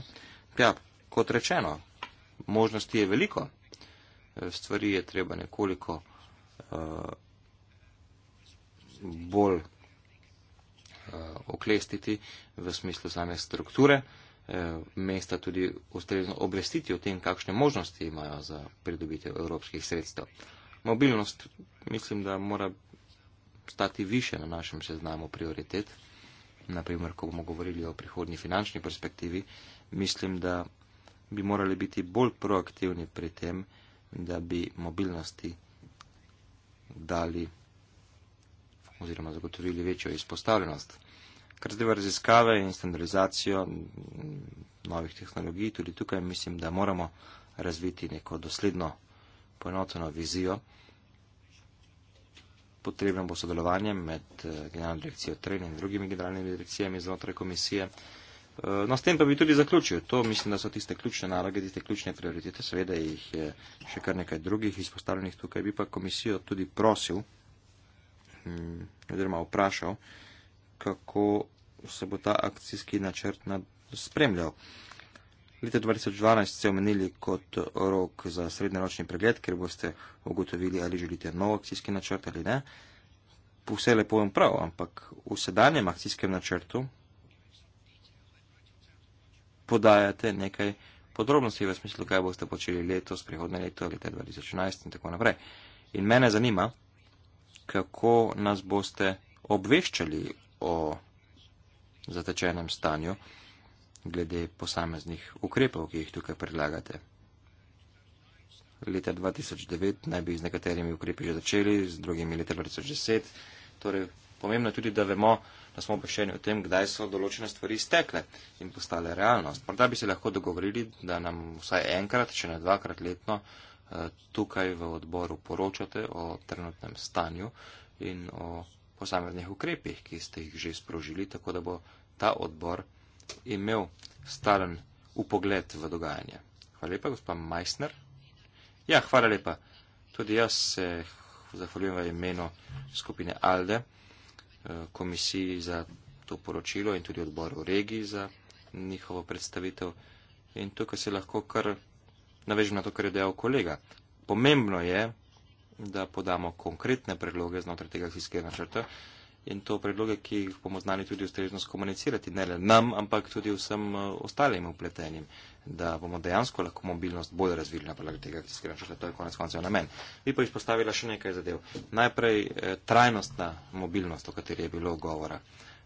ja, kot rečeno, možnosti je veliko, e, stvari je treba nekoliko uh, bolj uh, oklestiti v smislu same strukture, uh, mesta tudi ustrezno obrestiti o tem, kakšne možnosti imajo za pridobitev evropskih sredstev. Mobilnost mislim, da mora stati više na našem seznamu prioritet. Naprimer, ko bomo govorili o prihodnji finančni perspektivi, mislim, da bi morali biti bolj proaktivni pri tem, da bi mobilnosti dali oziroma zagotovili večjo izpostavljenost. Kar zdaj v raziskave in standardizacijo novih tehnologij, tudi tukaj mislim, da moramo razviti neko dosledno poenoteno vizijo potrebno bo sodelovanje med eh, generalno direkcijo Tren in drugimi generalnimi direkcijami znotraj komisije. Eh, no, s tem pa bi tudi zaključil. To mislim, da so tiste ključne naloge, tiste ključne prioritete. Seveda jih je še kar nekaj drugih izpostavljenih tukaj. Bi pa komisijo tudi prosil, mm, oziroma vprašal, kako se bo ta akcijski načrt spremljal leta 2012 ste omenili kot rok za srednjeročni pregled, ker boste ugotovili, ali želite nov akcijski načrt ali ne. Vse lepo in prav, ampak v sedanjem akcijskem načrtu podajate nekaj podrobnosti v smislu, kaj boste počeli letos, prihodne leto, leta 2011 in tako naprej. In mene zanima, kako nas boste obveščali o zatečenem stanju glede posameznih ukrepov, ki jih tukaj predlagate. Leta 2009 naj bi z nekaterimi ukrepi že začeli, z drugimi leta 2010. Torej, pomembno je tudi, da vemo, da smo obveščeni o tem, kdaj so določene stvari stekle in postale realnost. Morda bi se lahko dogovorili, da nam vsaj enkrat, če ne dvakrat letno, eh, tukaj v odboru poročate o trenutnem stanju in o posameznih ukrepih, ki ste jih že sprožili, tako da bo ta odbor imel staren upogled v dogajanje. Hvala lepa, gospod Meissner. Ja, hvala lepa. Tudi jaz se zahvaljujem v imenu skupine Alde, eh, komisiji za to poročilo in tudi odboru regiji za njihovo predstavitev. In tukaj se lahko kar navežem na to, kar je dejal kolega. Pomembno je, da podamo konkretne predloge znotraj tega fiskalnega načrta, in to predloge, ki jih bomo znali tudi ustrezno skomunicirati, ne le nam, ampak tudi vsem eh, ostalim upletenim, da bomo dejansko lahko mobilnost bolj razvili na podlagi tega, ki se skrbi, da to je konec koncev namen. Vi pa izpostavila še nekaj zadev. Najprej eh, trajnostna mobilnost, o kateri je bilo govora.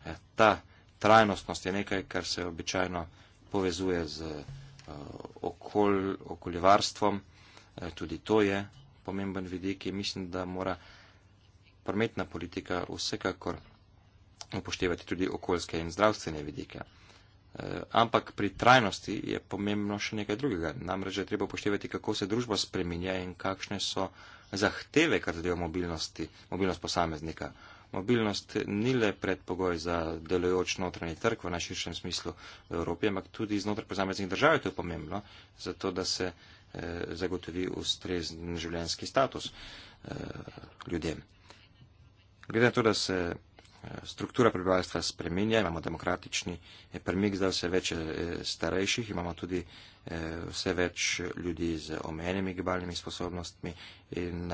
Eh, ta trajnostnost je nekaj, kar se običajno povezuje z okol, okoljevarstvom, tudi to je pomemben vidik in mislim, da mora prometna politika vsekakor upoštevati tudi okoljske in zdravstvene vidike. E, ampak pri trajnosti je pomembno še nekaj drugega. Namreč je treba upoštevati, kako se družba spreminja in kakšne so zahteve, kar zadeva mobilnosti, mobilnost posameznika. Mobilnost ni le predpogoj za delojoč notranji trg v najširšem smislu v Evropi, ampak tudi znotraj posameznih držav je to pomembno, zato da se eh, zagotovi ustrezen življenjski status eh, ljudem. Glede na to, da se eh, struktura prebivalstva spreminja, imamo demokratični eh, premik, zdaj vse več eh, starejših, imamo tudi vse več ljudi z omenjenimi gibalnimi sposobnostmi in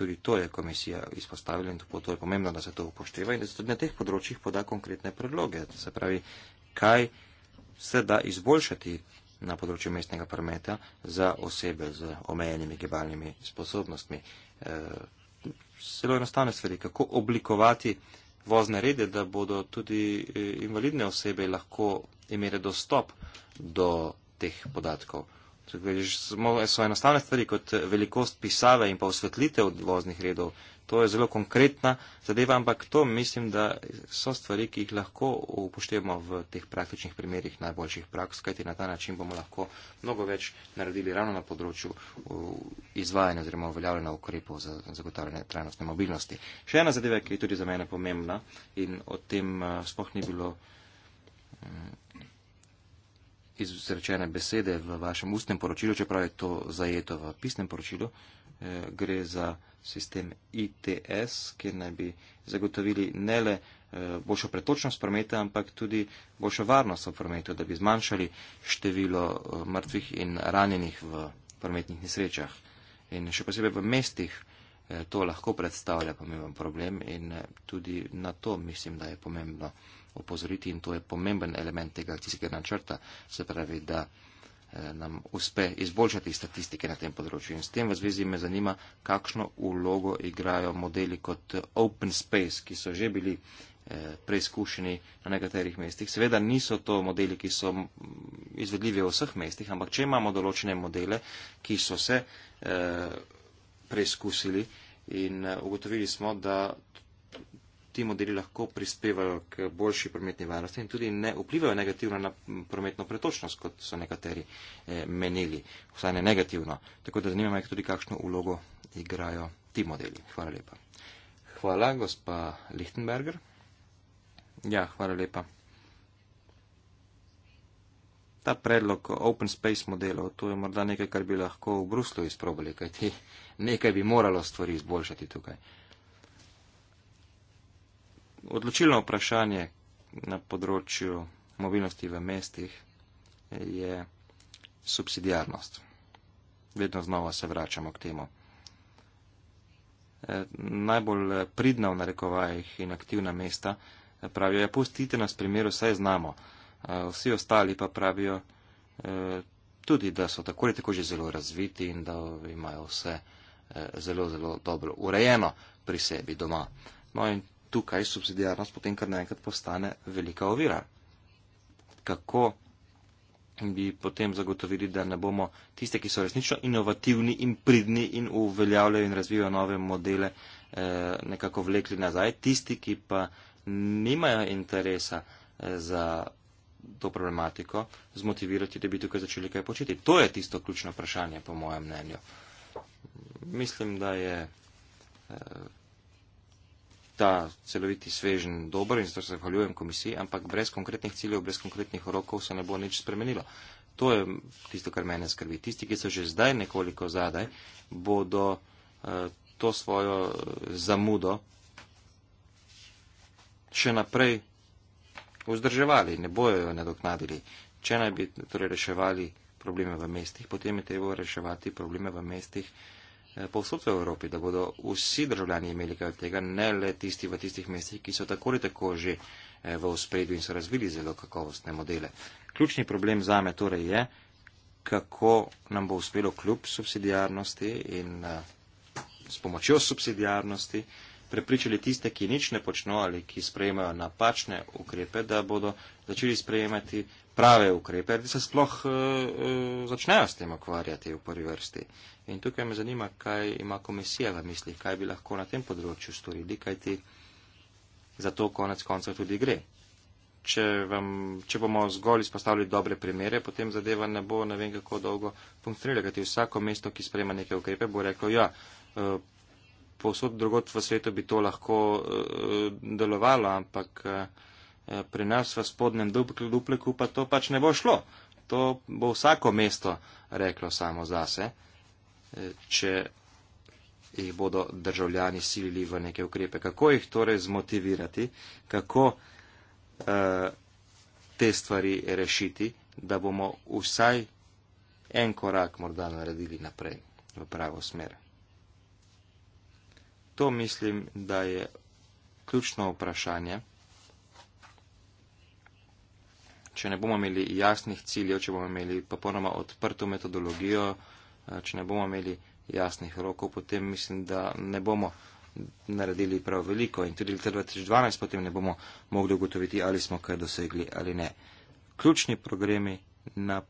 tudi to je komisija izpostavila in to je pomembno, da se to upošteva in da se tudi na teh področjih poda konkretne predloge. Se pravi, kaj se da izboljšati na področju mestnega prometa za osebe z omenjenimi gibalnimi sposobnostmi. E, zelo enostavne stvari, kako oblikovati vozne rede, da bodo tudi eh, invalidne osebe lahko imele dostop do teh podatkov. Tukaj so enostavne stvari kot velikost pisave in pa osvetlitev voznih redov, To je zelo konkretna zadeva, ampak to mislim, da so stvari, ki jih lahko upoštevamo v teh praktičnih primerjih najboljših praks, kajti na ta način bomo lahko mnogo več naredili ravno na področju uh, izvajanja oziroma uveljavljanja ukrepov za zagotavljanje trajnostne mobilnosti. Še ena zadeva, ki je tudi za mene pomembna in o tem uh, spoh ni bilo um, izrečene besede v vašem ustnem poročilu, čeprav je to zajeto v pisnem poročilu. Eh, gre za sistem ITS, kjer naj bi zagotovili ne le eh, boljšo pretočnost prometa, ampak tudi boljšo varnost v prometu, da bi zmanjšali število eh, mrtvih in ranjenih v prometnih nesrečah. In še posebej v mestih to lahko predstavlja pomemben problem in tudi na to mislim, da je pomembno opozoriti in to je pomemben element tega akcijskega načrta, se pravi, da Eh, nam uspe izboljšati statistike na tem področju. In s tem v zvezi me zanima, kakšno ulogo igrajo modeli kot Open Space, ki so že bili eh, preizkušeni na nekaterih mestih. Seveda niso to modeli, ki so mm, izvedljivi v vseh mestih, ampak če imamo določene modele, ki so se eh, preizkusili in ugotovili smo, da ti modeli lahko prispevajo k boljši prometni varnosti in tudi ne vplivajo negativno na prometno pretočnost, kot so nekateri eh, menili, vsaj ne negativno. Tako da zanima me tudi, kakšno ulogo igrajo ti modeli. Hvala lepa. Hvala, gospa Lichtenberger. Ja, hvala lepa. Ta predlog open space modelov, to je morda nekaj, kar bi lahko v Bruslu izprobali, kajti nekaj bi moralo stvari izboljšati tukaj odločilno vprašanje na področju mobilnosti v mestih je subsidijarnost. Vedno znova se vračamo k temu. E, najbolj pridna v narekovajih in aktivna mesta e, pravijo, ja pustite nas primeru, saj znamo. E, vsi ostali pa pravijo tudi, da so tako ali tako že zelo razviti in da imajo vse zelo, zelo dobro urejeno pri sebi doma. No in tukaj subsidijarnost potem kar naenkrat postane velika ovira. Kako bi potem zagotovili, da ne bomo tiste, ki so resnično inovativni in pridni in uveljavljajo in razvijajo nove modele, eh, nekako vlekli nazaj, tisti, ki pa nimajo interesa eh, za to problematiko, zmotivirati, da bi tukaj začeli kaj početi. To je tisto ključno vprašanje, po mojem mnenju. Mislim, da je. Eh, ta celoviti svežen dober in zato se zahvaljujem komisiji, ampak brez konkretnih ciljev, brez konkretnih rokov se ne bo nič spremenilo. To je tisto, kar mene skrbi. Tisti, ki so že zdaj nekoliko zadaj, bodo uh, to svojo eh, zamudo še naprej vzdrževali, ne bojo jo nadoknadili. Če naj bi torej reševali probleme v mestih, potem je treba reševati probleme v mestih uh, Eh, povsod v Evropi, da bodo vsi državljani imeli kaj od tega, ne le tisti v tistih mestih, ki so tako ali tako že eh, v ospredju in so razvili zelo kakovostne modele. Ključni problem za me torej je, kako nam bo uspelo kljub subsidijarnosti in eh, s pomočjo subsidijarnosti prepričali tiste, ki nič ne počno ali ki sprejemajo napačne ukrepe, da bodo začeli sprejemati prave ukrepe, da se sploh uh, uh, začnejo s tem okvarjati v prvi vrsti. Uh, In tukaj me zanima, kaj ima komisija v mislih, kaj bi lahko na tem področju storili, kaj ti za to konec koncev tudi gre. Če, vam, če bomo zgolj izpostavili dobre primere, potem zadeva ne bo ne vem kako dolgo funkcionirala, kajti vsako mesto, ki sprejema neke ukrepe, bo reklo, ja, eh, posod drugot v svetu bi to lahko eh, delovalo, ampak eh, pri nas v spodnjem dupleku pa to pač ne bo šlo. To bo vsako mesto reklo samo zase če jih bodo državljani silili v neke ukrepe. Kako jih torej zmotivirati, kako eh, te stvari rešiti, da bomo vsaj en korak morda naredili naprej v pravo smer. To mislim, da je ključno vprašanje. Če ne bomo imeli jasnih ciljev, če bomo imeli popolnoma odprto metodologijo, Eh, če ne bomo imeli jasnih rokov, potem mislim, da ne bomo naredili prav veliko in tudi leta 2012 potem ne bomo mogli ugotoviti, ali smo kaj dosegli ali ne. Ključni programi na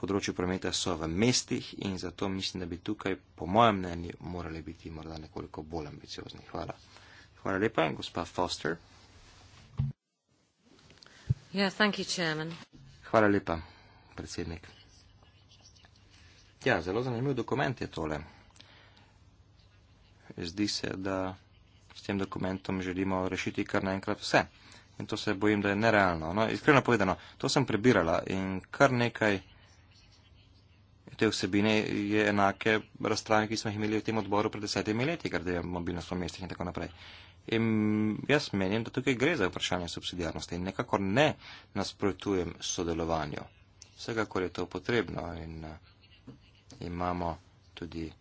področju prometa so v mestih in zato mislim, da bi tukaj, po mojem mnenju, morali biti morda nekoliko bolj ambiciozni. Hvala. Hvala lepa, gospa Foster. Yeah, thank you, Hvala lepa, predsednik. Ja, zelo zanimiv dokument je tole. Zdi se, da s tem dokumentom želimo rešiti kar naenkrat vse. In to se bojim, da je nerealno. No, iskreno povedano, to sem prebirala in kar nekaj te vsebine je enake razstrani, ki smo jih imeli v tem odboru pred desetimi leti, glede mobilnost v mestih in tako naprej. In jaz menim, da tukaj gre za vprašanje subsidijarnosti in nekako ne nasprotujem sodelovanju. Vsekakor je to potrebno in eh, imamo tudi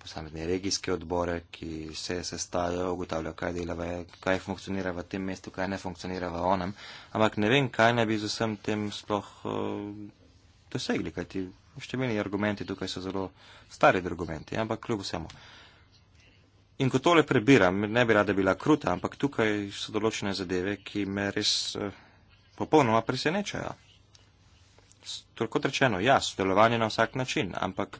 posamezne regijske odbore, ki se sestajajo, ugotavljajo, kaj dela, kaj funkcionira v tem mestu, kaj ne funkcionira v onem. Ampak ne vem, kaj naj bi z vsem tem sploh uh, dosegli, kajti številni argumenti tukaj so zelo stari argumenti, ampak kljub vsemu. In ko tole prebiram, ne bi rada bila kruta, ampak tukaj so določene zadeve, ki me res uh, popolnoma presenečajo kot rečeno, ja, sodelovanje na vsak način, ampak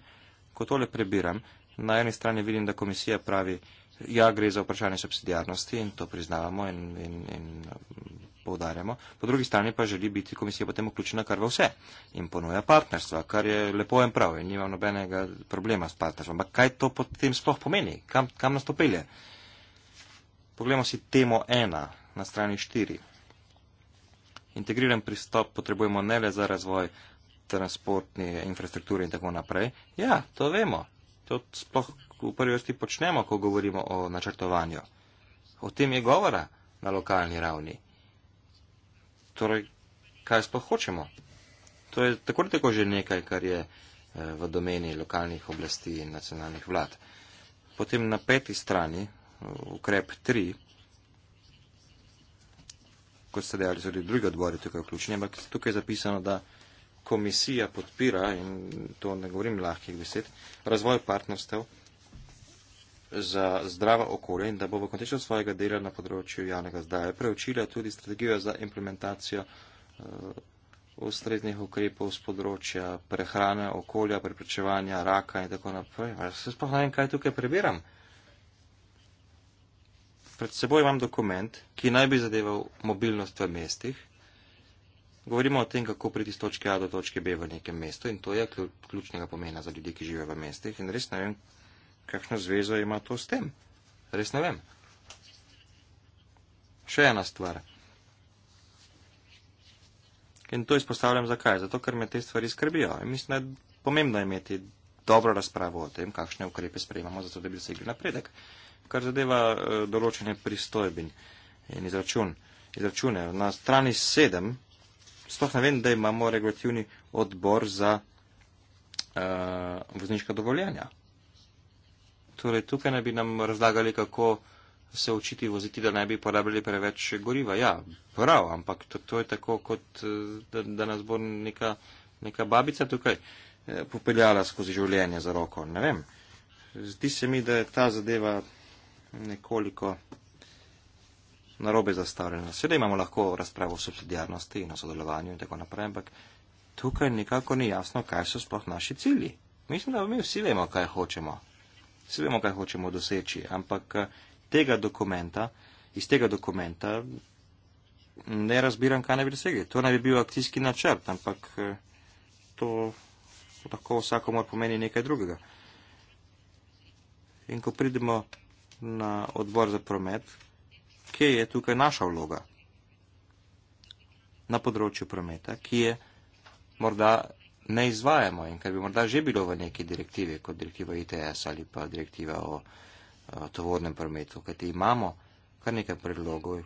ko tole prebiram, na eni strani vidim, da komisija pravi, ja, gre za vprašanje subsidijarnosti in to priznavamo in, in, in um, povdarjamo, po drugi strani pa želi biti komisija potem vključena kar v vse in ponuja partnerstva, kar je lepo in prav in nimam nobenega problema s partnerstvom. Ampak kaj to potem sploh pomeni? Kam, kam nas to pelje? Poglejmo si temo ena na strani štiri integriran pristop potrebujemo ne le za razvoj transportne infrastrukture in tako naprej. Ja, to vemo. To sploh v prvi vrsti počnemo, ko govorimo o načrtovanju. O tem je govora na lokalni ravni. Torej, kaj sploh hočemo? To je tako tako že nekaj, kar je eh, v domeni lokalnih oblasti in nacionalnih vlad. Potem na peti strani, eh, ukrep 3, kot ste dejali, so tudi drugi odbori tukaj vključeni, ampak tukaj je zapisano, da komisija podpira, in to ne govorim lahkih besed, razvoj partnerstev za zdrava okolja in da bo v kontekstu svojega dela na področju javnega zdaja preučila tudi strategijo za implementacijo eh, ustreznih ukrepov z področja prehrane, okolja, preprečevanja raka in tako naprej. Ali se spohajam, kaj tukaj prebiram? Uh, Pred seboj imam dokument, ki naj bi zadeval mobilnost v mestih. Govorimo o tem, kako priti iz točke A do točke B v nekem mestu in to je ključnega pomena za ljudi, ki živijo v mestih in res ne vem, kakšno zvezo ima to s tem. Res ne vem. Še ena stvar. In to izpostavljam zakaj? Zato, ker me te stvari skrbijo. In mislim, da je pomembno imeti dobro razpravo o tem, kakšne ukrepe sprejemamo, zato da bi dosegli napredek kar zadeva eh, določene pristojbin in izračun. izračune. Na strani sedem, sploh ne vem, da imamo regulativni odbor za uh, vozniška dovoljenja. Torej, tukaj naj bi nam razlagali, kako se učiti voziti, da ne bi porabili preveč goriva. Ja, prav, ampak to, to je tako, kot eh, da, da nas bo neka, neka babica tukaj popeljala skozi življenje za roko. Ne vem. Zdi se mi, da je ta zadeva nekoliko narobe zastavljena. Sedaj imamo lahko razpravo o subsidijarnosti in o sodelovanju in tako naprej, ampak tukaj nikako ni jasno, kaj so sploh naši cilji. Mislim, da mi vsi vemo, kaj hočemo. Vsi vemo, kaj hočemo doseči, ampak eh, tega dokumenta, iz tega dokumenta ne razbiram, kaj naj bi dosegli. To naj bi bil akcijski načrt, ampak eh, to lahko vsakomor pomeni nekaj drugega. In ko pridemo na odbor za promet, kje je tukaj naša vloga na področju prometa, ki je morda ne izvajamo in kar bi morda že bilo v neki direktivi, kot direktiva ITS ali pa direktiva o, o tovornem prometu, kajti imamo kar nekaj predlogov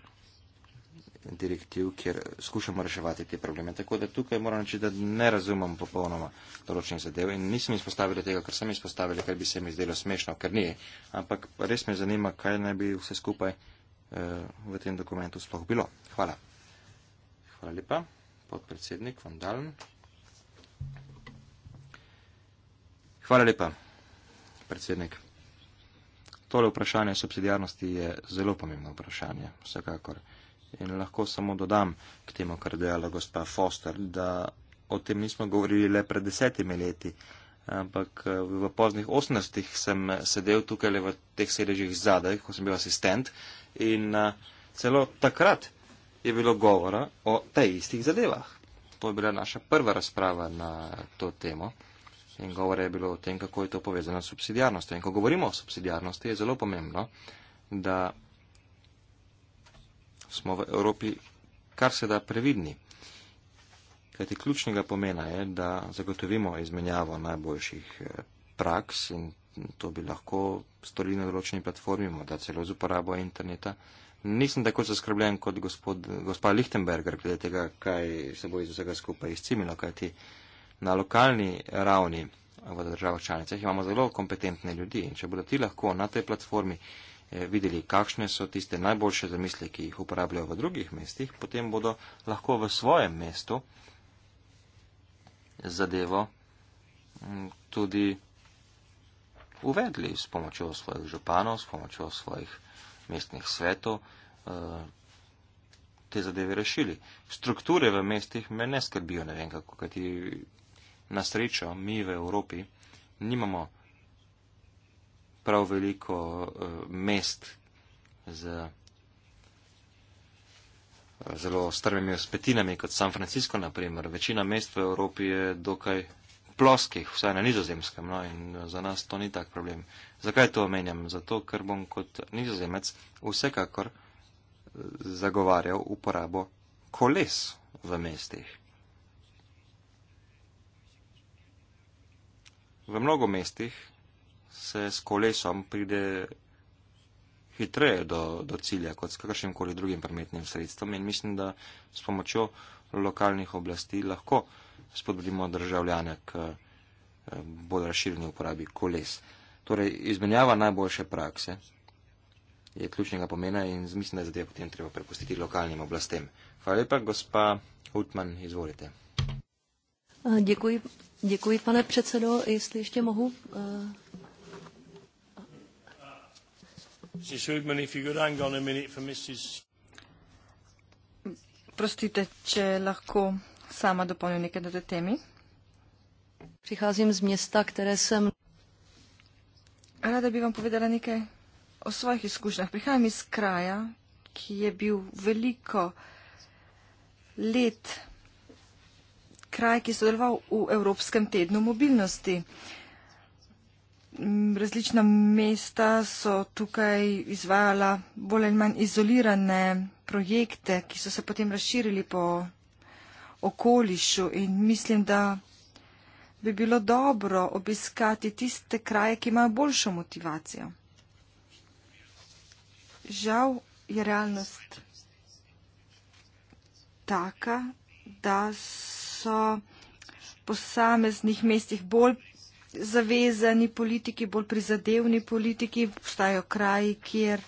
direktiv, kjer skušamo reševati te probleme. Tako da tukaj moram reči, da ne razumem popolnoma določenih zadev in nisem izpostavil tega, kar sem izpostavil, ker bi se mi zdelo smešno, ker ni. Ampak res me zanima, kaj naj bi vse skupaj eh, v tem dokumentu sploh bilo. Hvala. Hvala lepa, podpredsednik Vandalen. Hvala lepa, predsednik. Tole vprašanje subsidijarnosti je zelo pomembno vprašanje, vsekakor. In lahko samo dodam k temu, kar dejala gospa Foster, da o tem nismo govorili le pred desetimi leti, ampak eh, v poznih osnestih sem eh, sedel tukaj le v teh sedežih zadaj, ko sem bil asistent in eh, celo takrat je bilo govora o tej istih zadevah. To je bila naša prva razprava na to temo in govore je bilo o tem, kako je to povezano s subsidijarnostjo. In ko govorimo o subsidijarnosti, je zelo pomembno, da smo v Evropi kar se da previdni. Kajti ključnega pomena je, da zagotovimo izmenjavo najboljših eh, praks in to bi lahko storili na določeni platformi, morda celo z uporabo interneta. Nisem tako zaskrbljen kot gospod, gospa Lichtenberger glede tega, kaj se bo iz vsega skupaj izcimilo, kajti na lokalni ravni v državah članicah imamo zelo kompetentne ljudi in če bodo ti lahko na tej platformi Eh, videli, kakšne so tiste najboljše zamisle, ki jih uporabljajo v drugih mestih, potem bodo lahko v svojem mestu zadevo mm, tudi uvedli s pomočjo svojih županov, s pomočjo svojih mestnih svetov, eh, te zadeve rešili. Strukture v mestih me ne skrbijo, ne vem kako, kajti na srečo mi v Evropi nimamo prav veliko uh, mest z uh, zelo strmimi spetinami, kot San Francisco, naprimer. Večina mest v Evropi je dokaj ploskih, vsaj na nizozemskem, no, in eh, za nas to ni tak problem. Zakaj to omenjam? Zato, ker bom kot nizozemec vsekakor zagovarjal uporabo koles v mestih. V mnogo mestih se s kolesom pride hitreje do, do cilja kot s kakršnim koli drugim prometnim sredstvom in mislim, da s pomočjo lokalnih oblasti lahko spodbudimo državljane k eh, bolj razširjeni uporabi koles. Torej, izmenjava najboljše prakse je ključnega pomena in mislim, da je zadeva potem treba prepustiti lokalnim oblastem. Hvala lepa, gospa Utman, izvolite.
Eh, děkuji,
děkuji, pane předsedo, jestli ještě mohu. Uh...
Mrs. Hoodman, if you could hang on a minute for Mrs.
Prostite, če lahko sama dopolnim nekaj na tej temi. Prihajam z mesta, kjer sem. Rada bi vam povedala nekaj o svojih izkušnjah. Prihajam iz kraja, ki je bil veliko let kraj, ki je sodeloval v Evropskem tednu mobilnosti. Uh, Mm, različna mesta so tukaj izvajala bolj ali manj izolirane projekte, ki so se potem razširili po okolišu in mislim, da bi bilo dobro obiskati tiste kraje, ki imajo boljšo motivacijo. Žal je realnost taka, da so po samiznih mestih bolj zavezani politiki, bolj prizadevni politiki, obstajajo kraji, kjer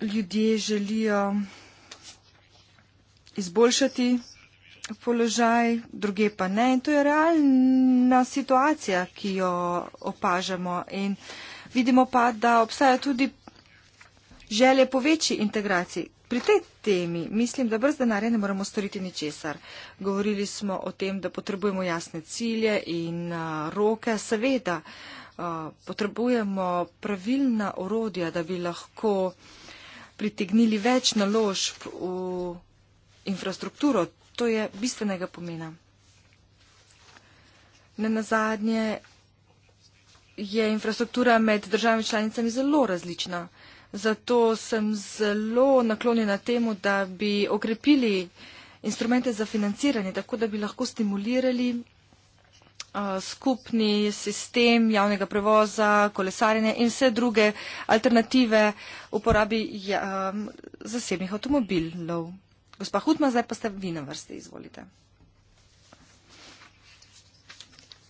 ljudje želijo izboljšati položaj, druge pa ne. In to je realna situacija, ki jo opažamo. In vidimo pa, da obstajajo tudi želje po večji integraciji. Pri tej temi mislim, da brez denarja ne moramo storiti ničesar. Govorili smo o tem, da potrebujemo jasne cilje in uh, roke. Seveda uh, potrebujemo pravilna orodja, da bi lahko pritegnili več naložb v infrastrukturo. To je bistvenega pomena. Ne nazadnje je infrastruktura med državami članicami zelo različna. Zato sem zelo naklonjena temu, da bi okrepili instrumente za financiranje, tako da bi lahko stimulirali skupni sistem javnega prevoza, kolesarjenja in vse druge alternative uporabi ja, zasebnih avtomobilov. Gospa Hutma, zdaj pa ste vi na vrste, izvolite.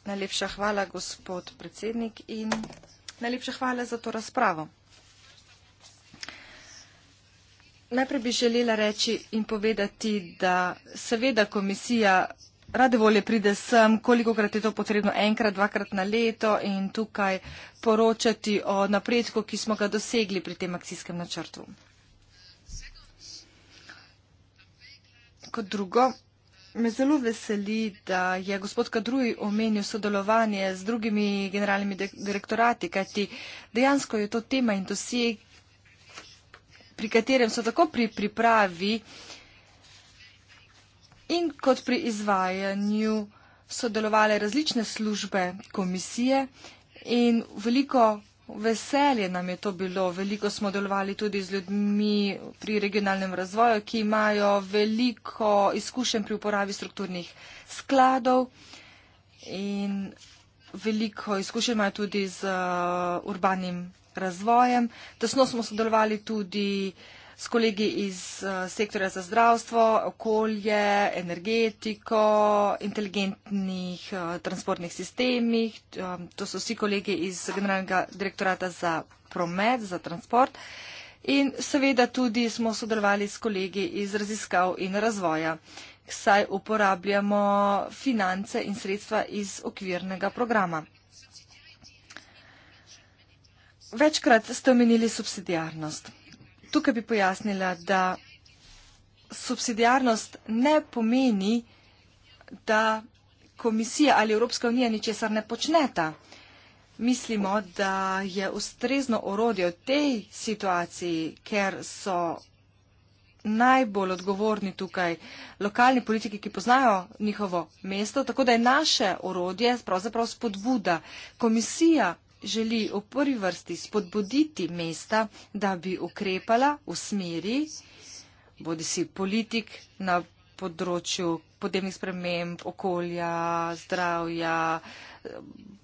Najlepša hvala, gospod predsednik, in najlepša hvala za to razpravo. Najprej bi želela reči in povedati, da seveda komisija rade volje pride sem, koliko krat je to potrebno, enkrat, dvakrat na leto in tukaj poročati o napredku, ki smo ga dosegli pri tem akcijskem načrtu. Kot drugo, me zelo veseli, da je gospod Kadruji omenil sodelovanje z drugimi generalnimi direktorati, kajti dejansko je to tema in doseg, pri katerem so tako pri pripravi in kot pri izvajanju sodelovale različne službe komisije in veliko veselje nam je to bilo. Veliko smo delovali tudi z ljudmi pri regionalnem razvoju, ki imajo veliko izkušenj pri uporabi strukturnih skladov in veliko izkušenj imajo tudi z uh, urbanim razvojem. Tesno smo sodelovali tudi s kolegi iz eh, sektorja za zdravstvo, okolje, energetiko, inteligentnih eh, transportnih sistemih. Eh, to so vsi kolegi iz Generalnega direktorata za promet, za transport. In seveda tudi smo sodelovali s kolegi iz raziskav in razvoja, saj uporabljamo finance in sredstva iz okvirnega programa. Večkrat ste omenili subsidijarnost. Tukaj bi pojasnila, da subsidijarnost ne pomeni, da komisija ali Evropska unija ničesar ne počneta. Mislimo, da je ustrezno orodje v tej situaciji, ker so najbolj odgovorni tukaj lokalni politiki, ki poznajo njihovo mesto, tako da je naše orodje pravzaprav spodbuda. Komisija želi v prvi vrsti spodbuditi mesta, da bi ukrepala v smeri, bodi si politik na področju podnebnih sprememb, okolja, zdravja,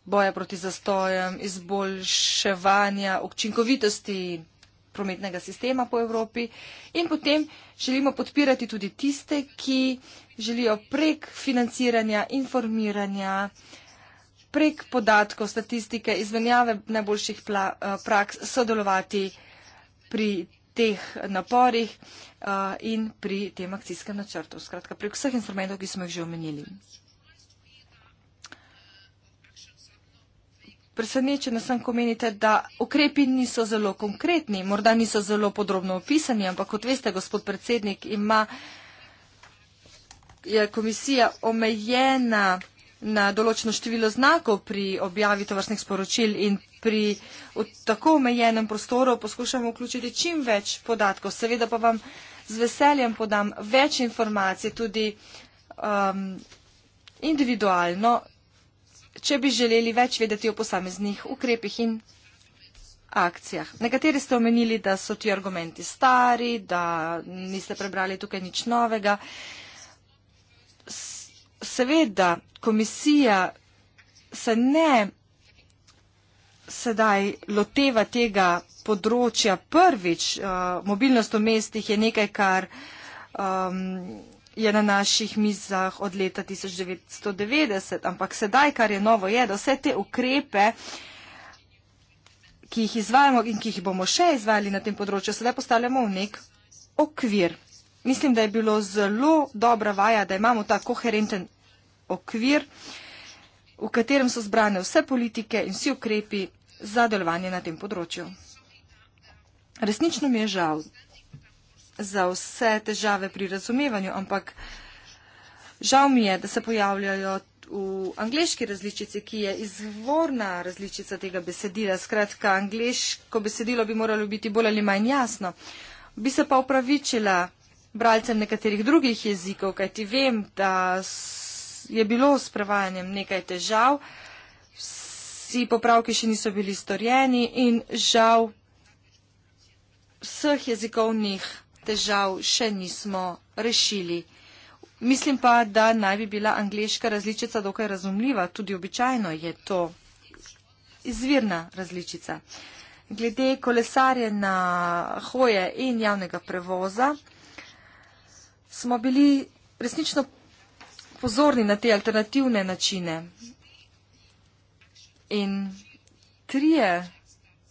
boja proti zastojem, izboljševanja učinkovitosti prometnega sistema po Evropi in potem želimo podpirati tudi tiste, ki želijo prek financiranja, informiranja, uh, prek podatkov, statistike, izmenjave najboljših pla, eh, praks sodelovati pri teh naporih eh, in pri tem akcijskem načrtu. Skratka, prek vseh instrumentov, ki smo jih že omenili. Presenečena sem, ko menite, da ukrepi niso zelo konkretni, morda niso zelo podrobno opisani, ampak kot veste, gospod predsednik, ima je komisija omejena na določeno število znakov pri objavi tovrstnih sporočil in pri tako omejenem prostoru poskušamo vključiti čim več podatkov. Seveda pa vam z veseljem podam več informacij, tudi um, individualno, če bi želeli več vedeti o posameznih ukrepih in akcijah. Nekateri ste omenili, da so ti argumenti stari, da niste prebrali tukaj nič novega. Uh, seveda komisija se ne sedaj loteva tega področja prvič. Uh, mobilnost v mestih je nekaj, kar um, je na naših mizah od leta 1990, ampak sedaj, kar je novo, je, da vse te ukrepe, ki jih izvajamo in ki jih bomo še izvajali na tem področju, sedaj postavljamo v nek okvir. Mislim, da je bilo zelo dobra vaja, da imamo ta koherenten okvir, v katerem so zbrane vse politike in vsi ukrepi za delovanje na tem področju. Resnično mi je žal za vse težave pri razumevanju, ampak žal mi je, da se pojavljajo v angliški različici, ki je izvorna različica tega besedila. Skratka, angliško besedilo bi moralo biti bolj ali manj jasno. Bi se pa upravičila bralcem nekaterih drugih jezikov, kajti vem, da je bilo s prevajanjem nekaj težav, vsi popravki še niso bili storjeni in žal vseh jezikovnih težav še nismo rešili. Mislim pa, da naj bi bila angliška različica dokaj razumljiva, tudi običajno je to izvirna različica. Glede kolesarje na hoje in javnega prevoza smo bili resnično pozorni na te alternativne načine. In trije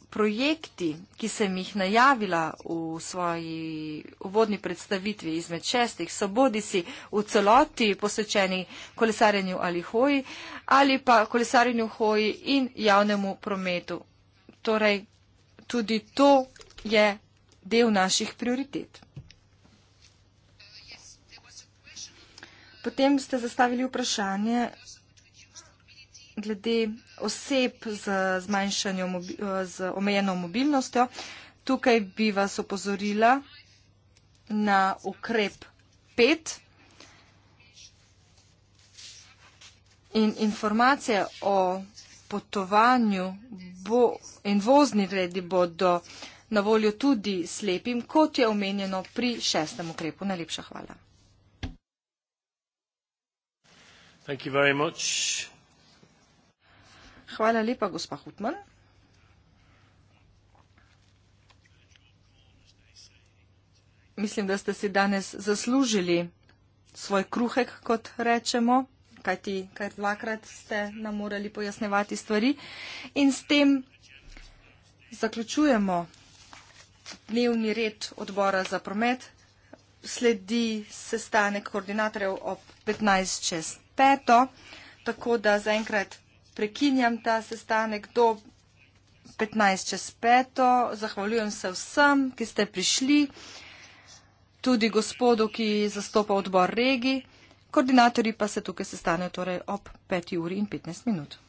projekti, ki sem jih najavila v svoji uvodni predstavitvi izmed šestih, so bodi si v celoti posvečeni kolesarjenju ali hoji ali pa kolesarjenju hoji in javnemu prometu. Torej, tudi to je del naših prioritet. Potem ste zastavili vprašanje glede oseb z, zmanjšanjo, eh, z omejeno mobilnostjo. Tukaj bi vas opozorila na ukrep 5 in informacije o potovanju bo, in vozni redi bodo na voljo tudi slepim, kot je omenjeno pri šestem ukrepu. Najlepša hvala. Hvala lepa, gospa Hutman. Mislim, da ste si danes zaslužili svoj kruhek, kot rečemo, kajti kar dvakrat ste nam morali pojasnevati stvari. In s tem zaključujemo dnevni red odbora za promet. Sledi sestanek koordinatorjev ob 15 čest peto, tako da zaenkrat prekinjam ta sestanek do 15 čez peto. Zahvaljujem se vsem, ki ste prišli, tudi gospodu, ki zastopa odbor regi. Koordinatorji pa se tukaj sestanejo torej ob 5 uri in 15 minut.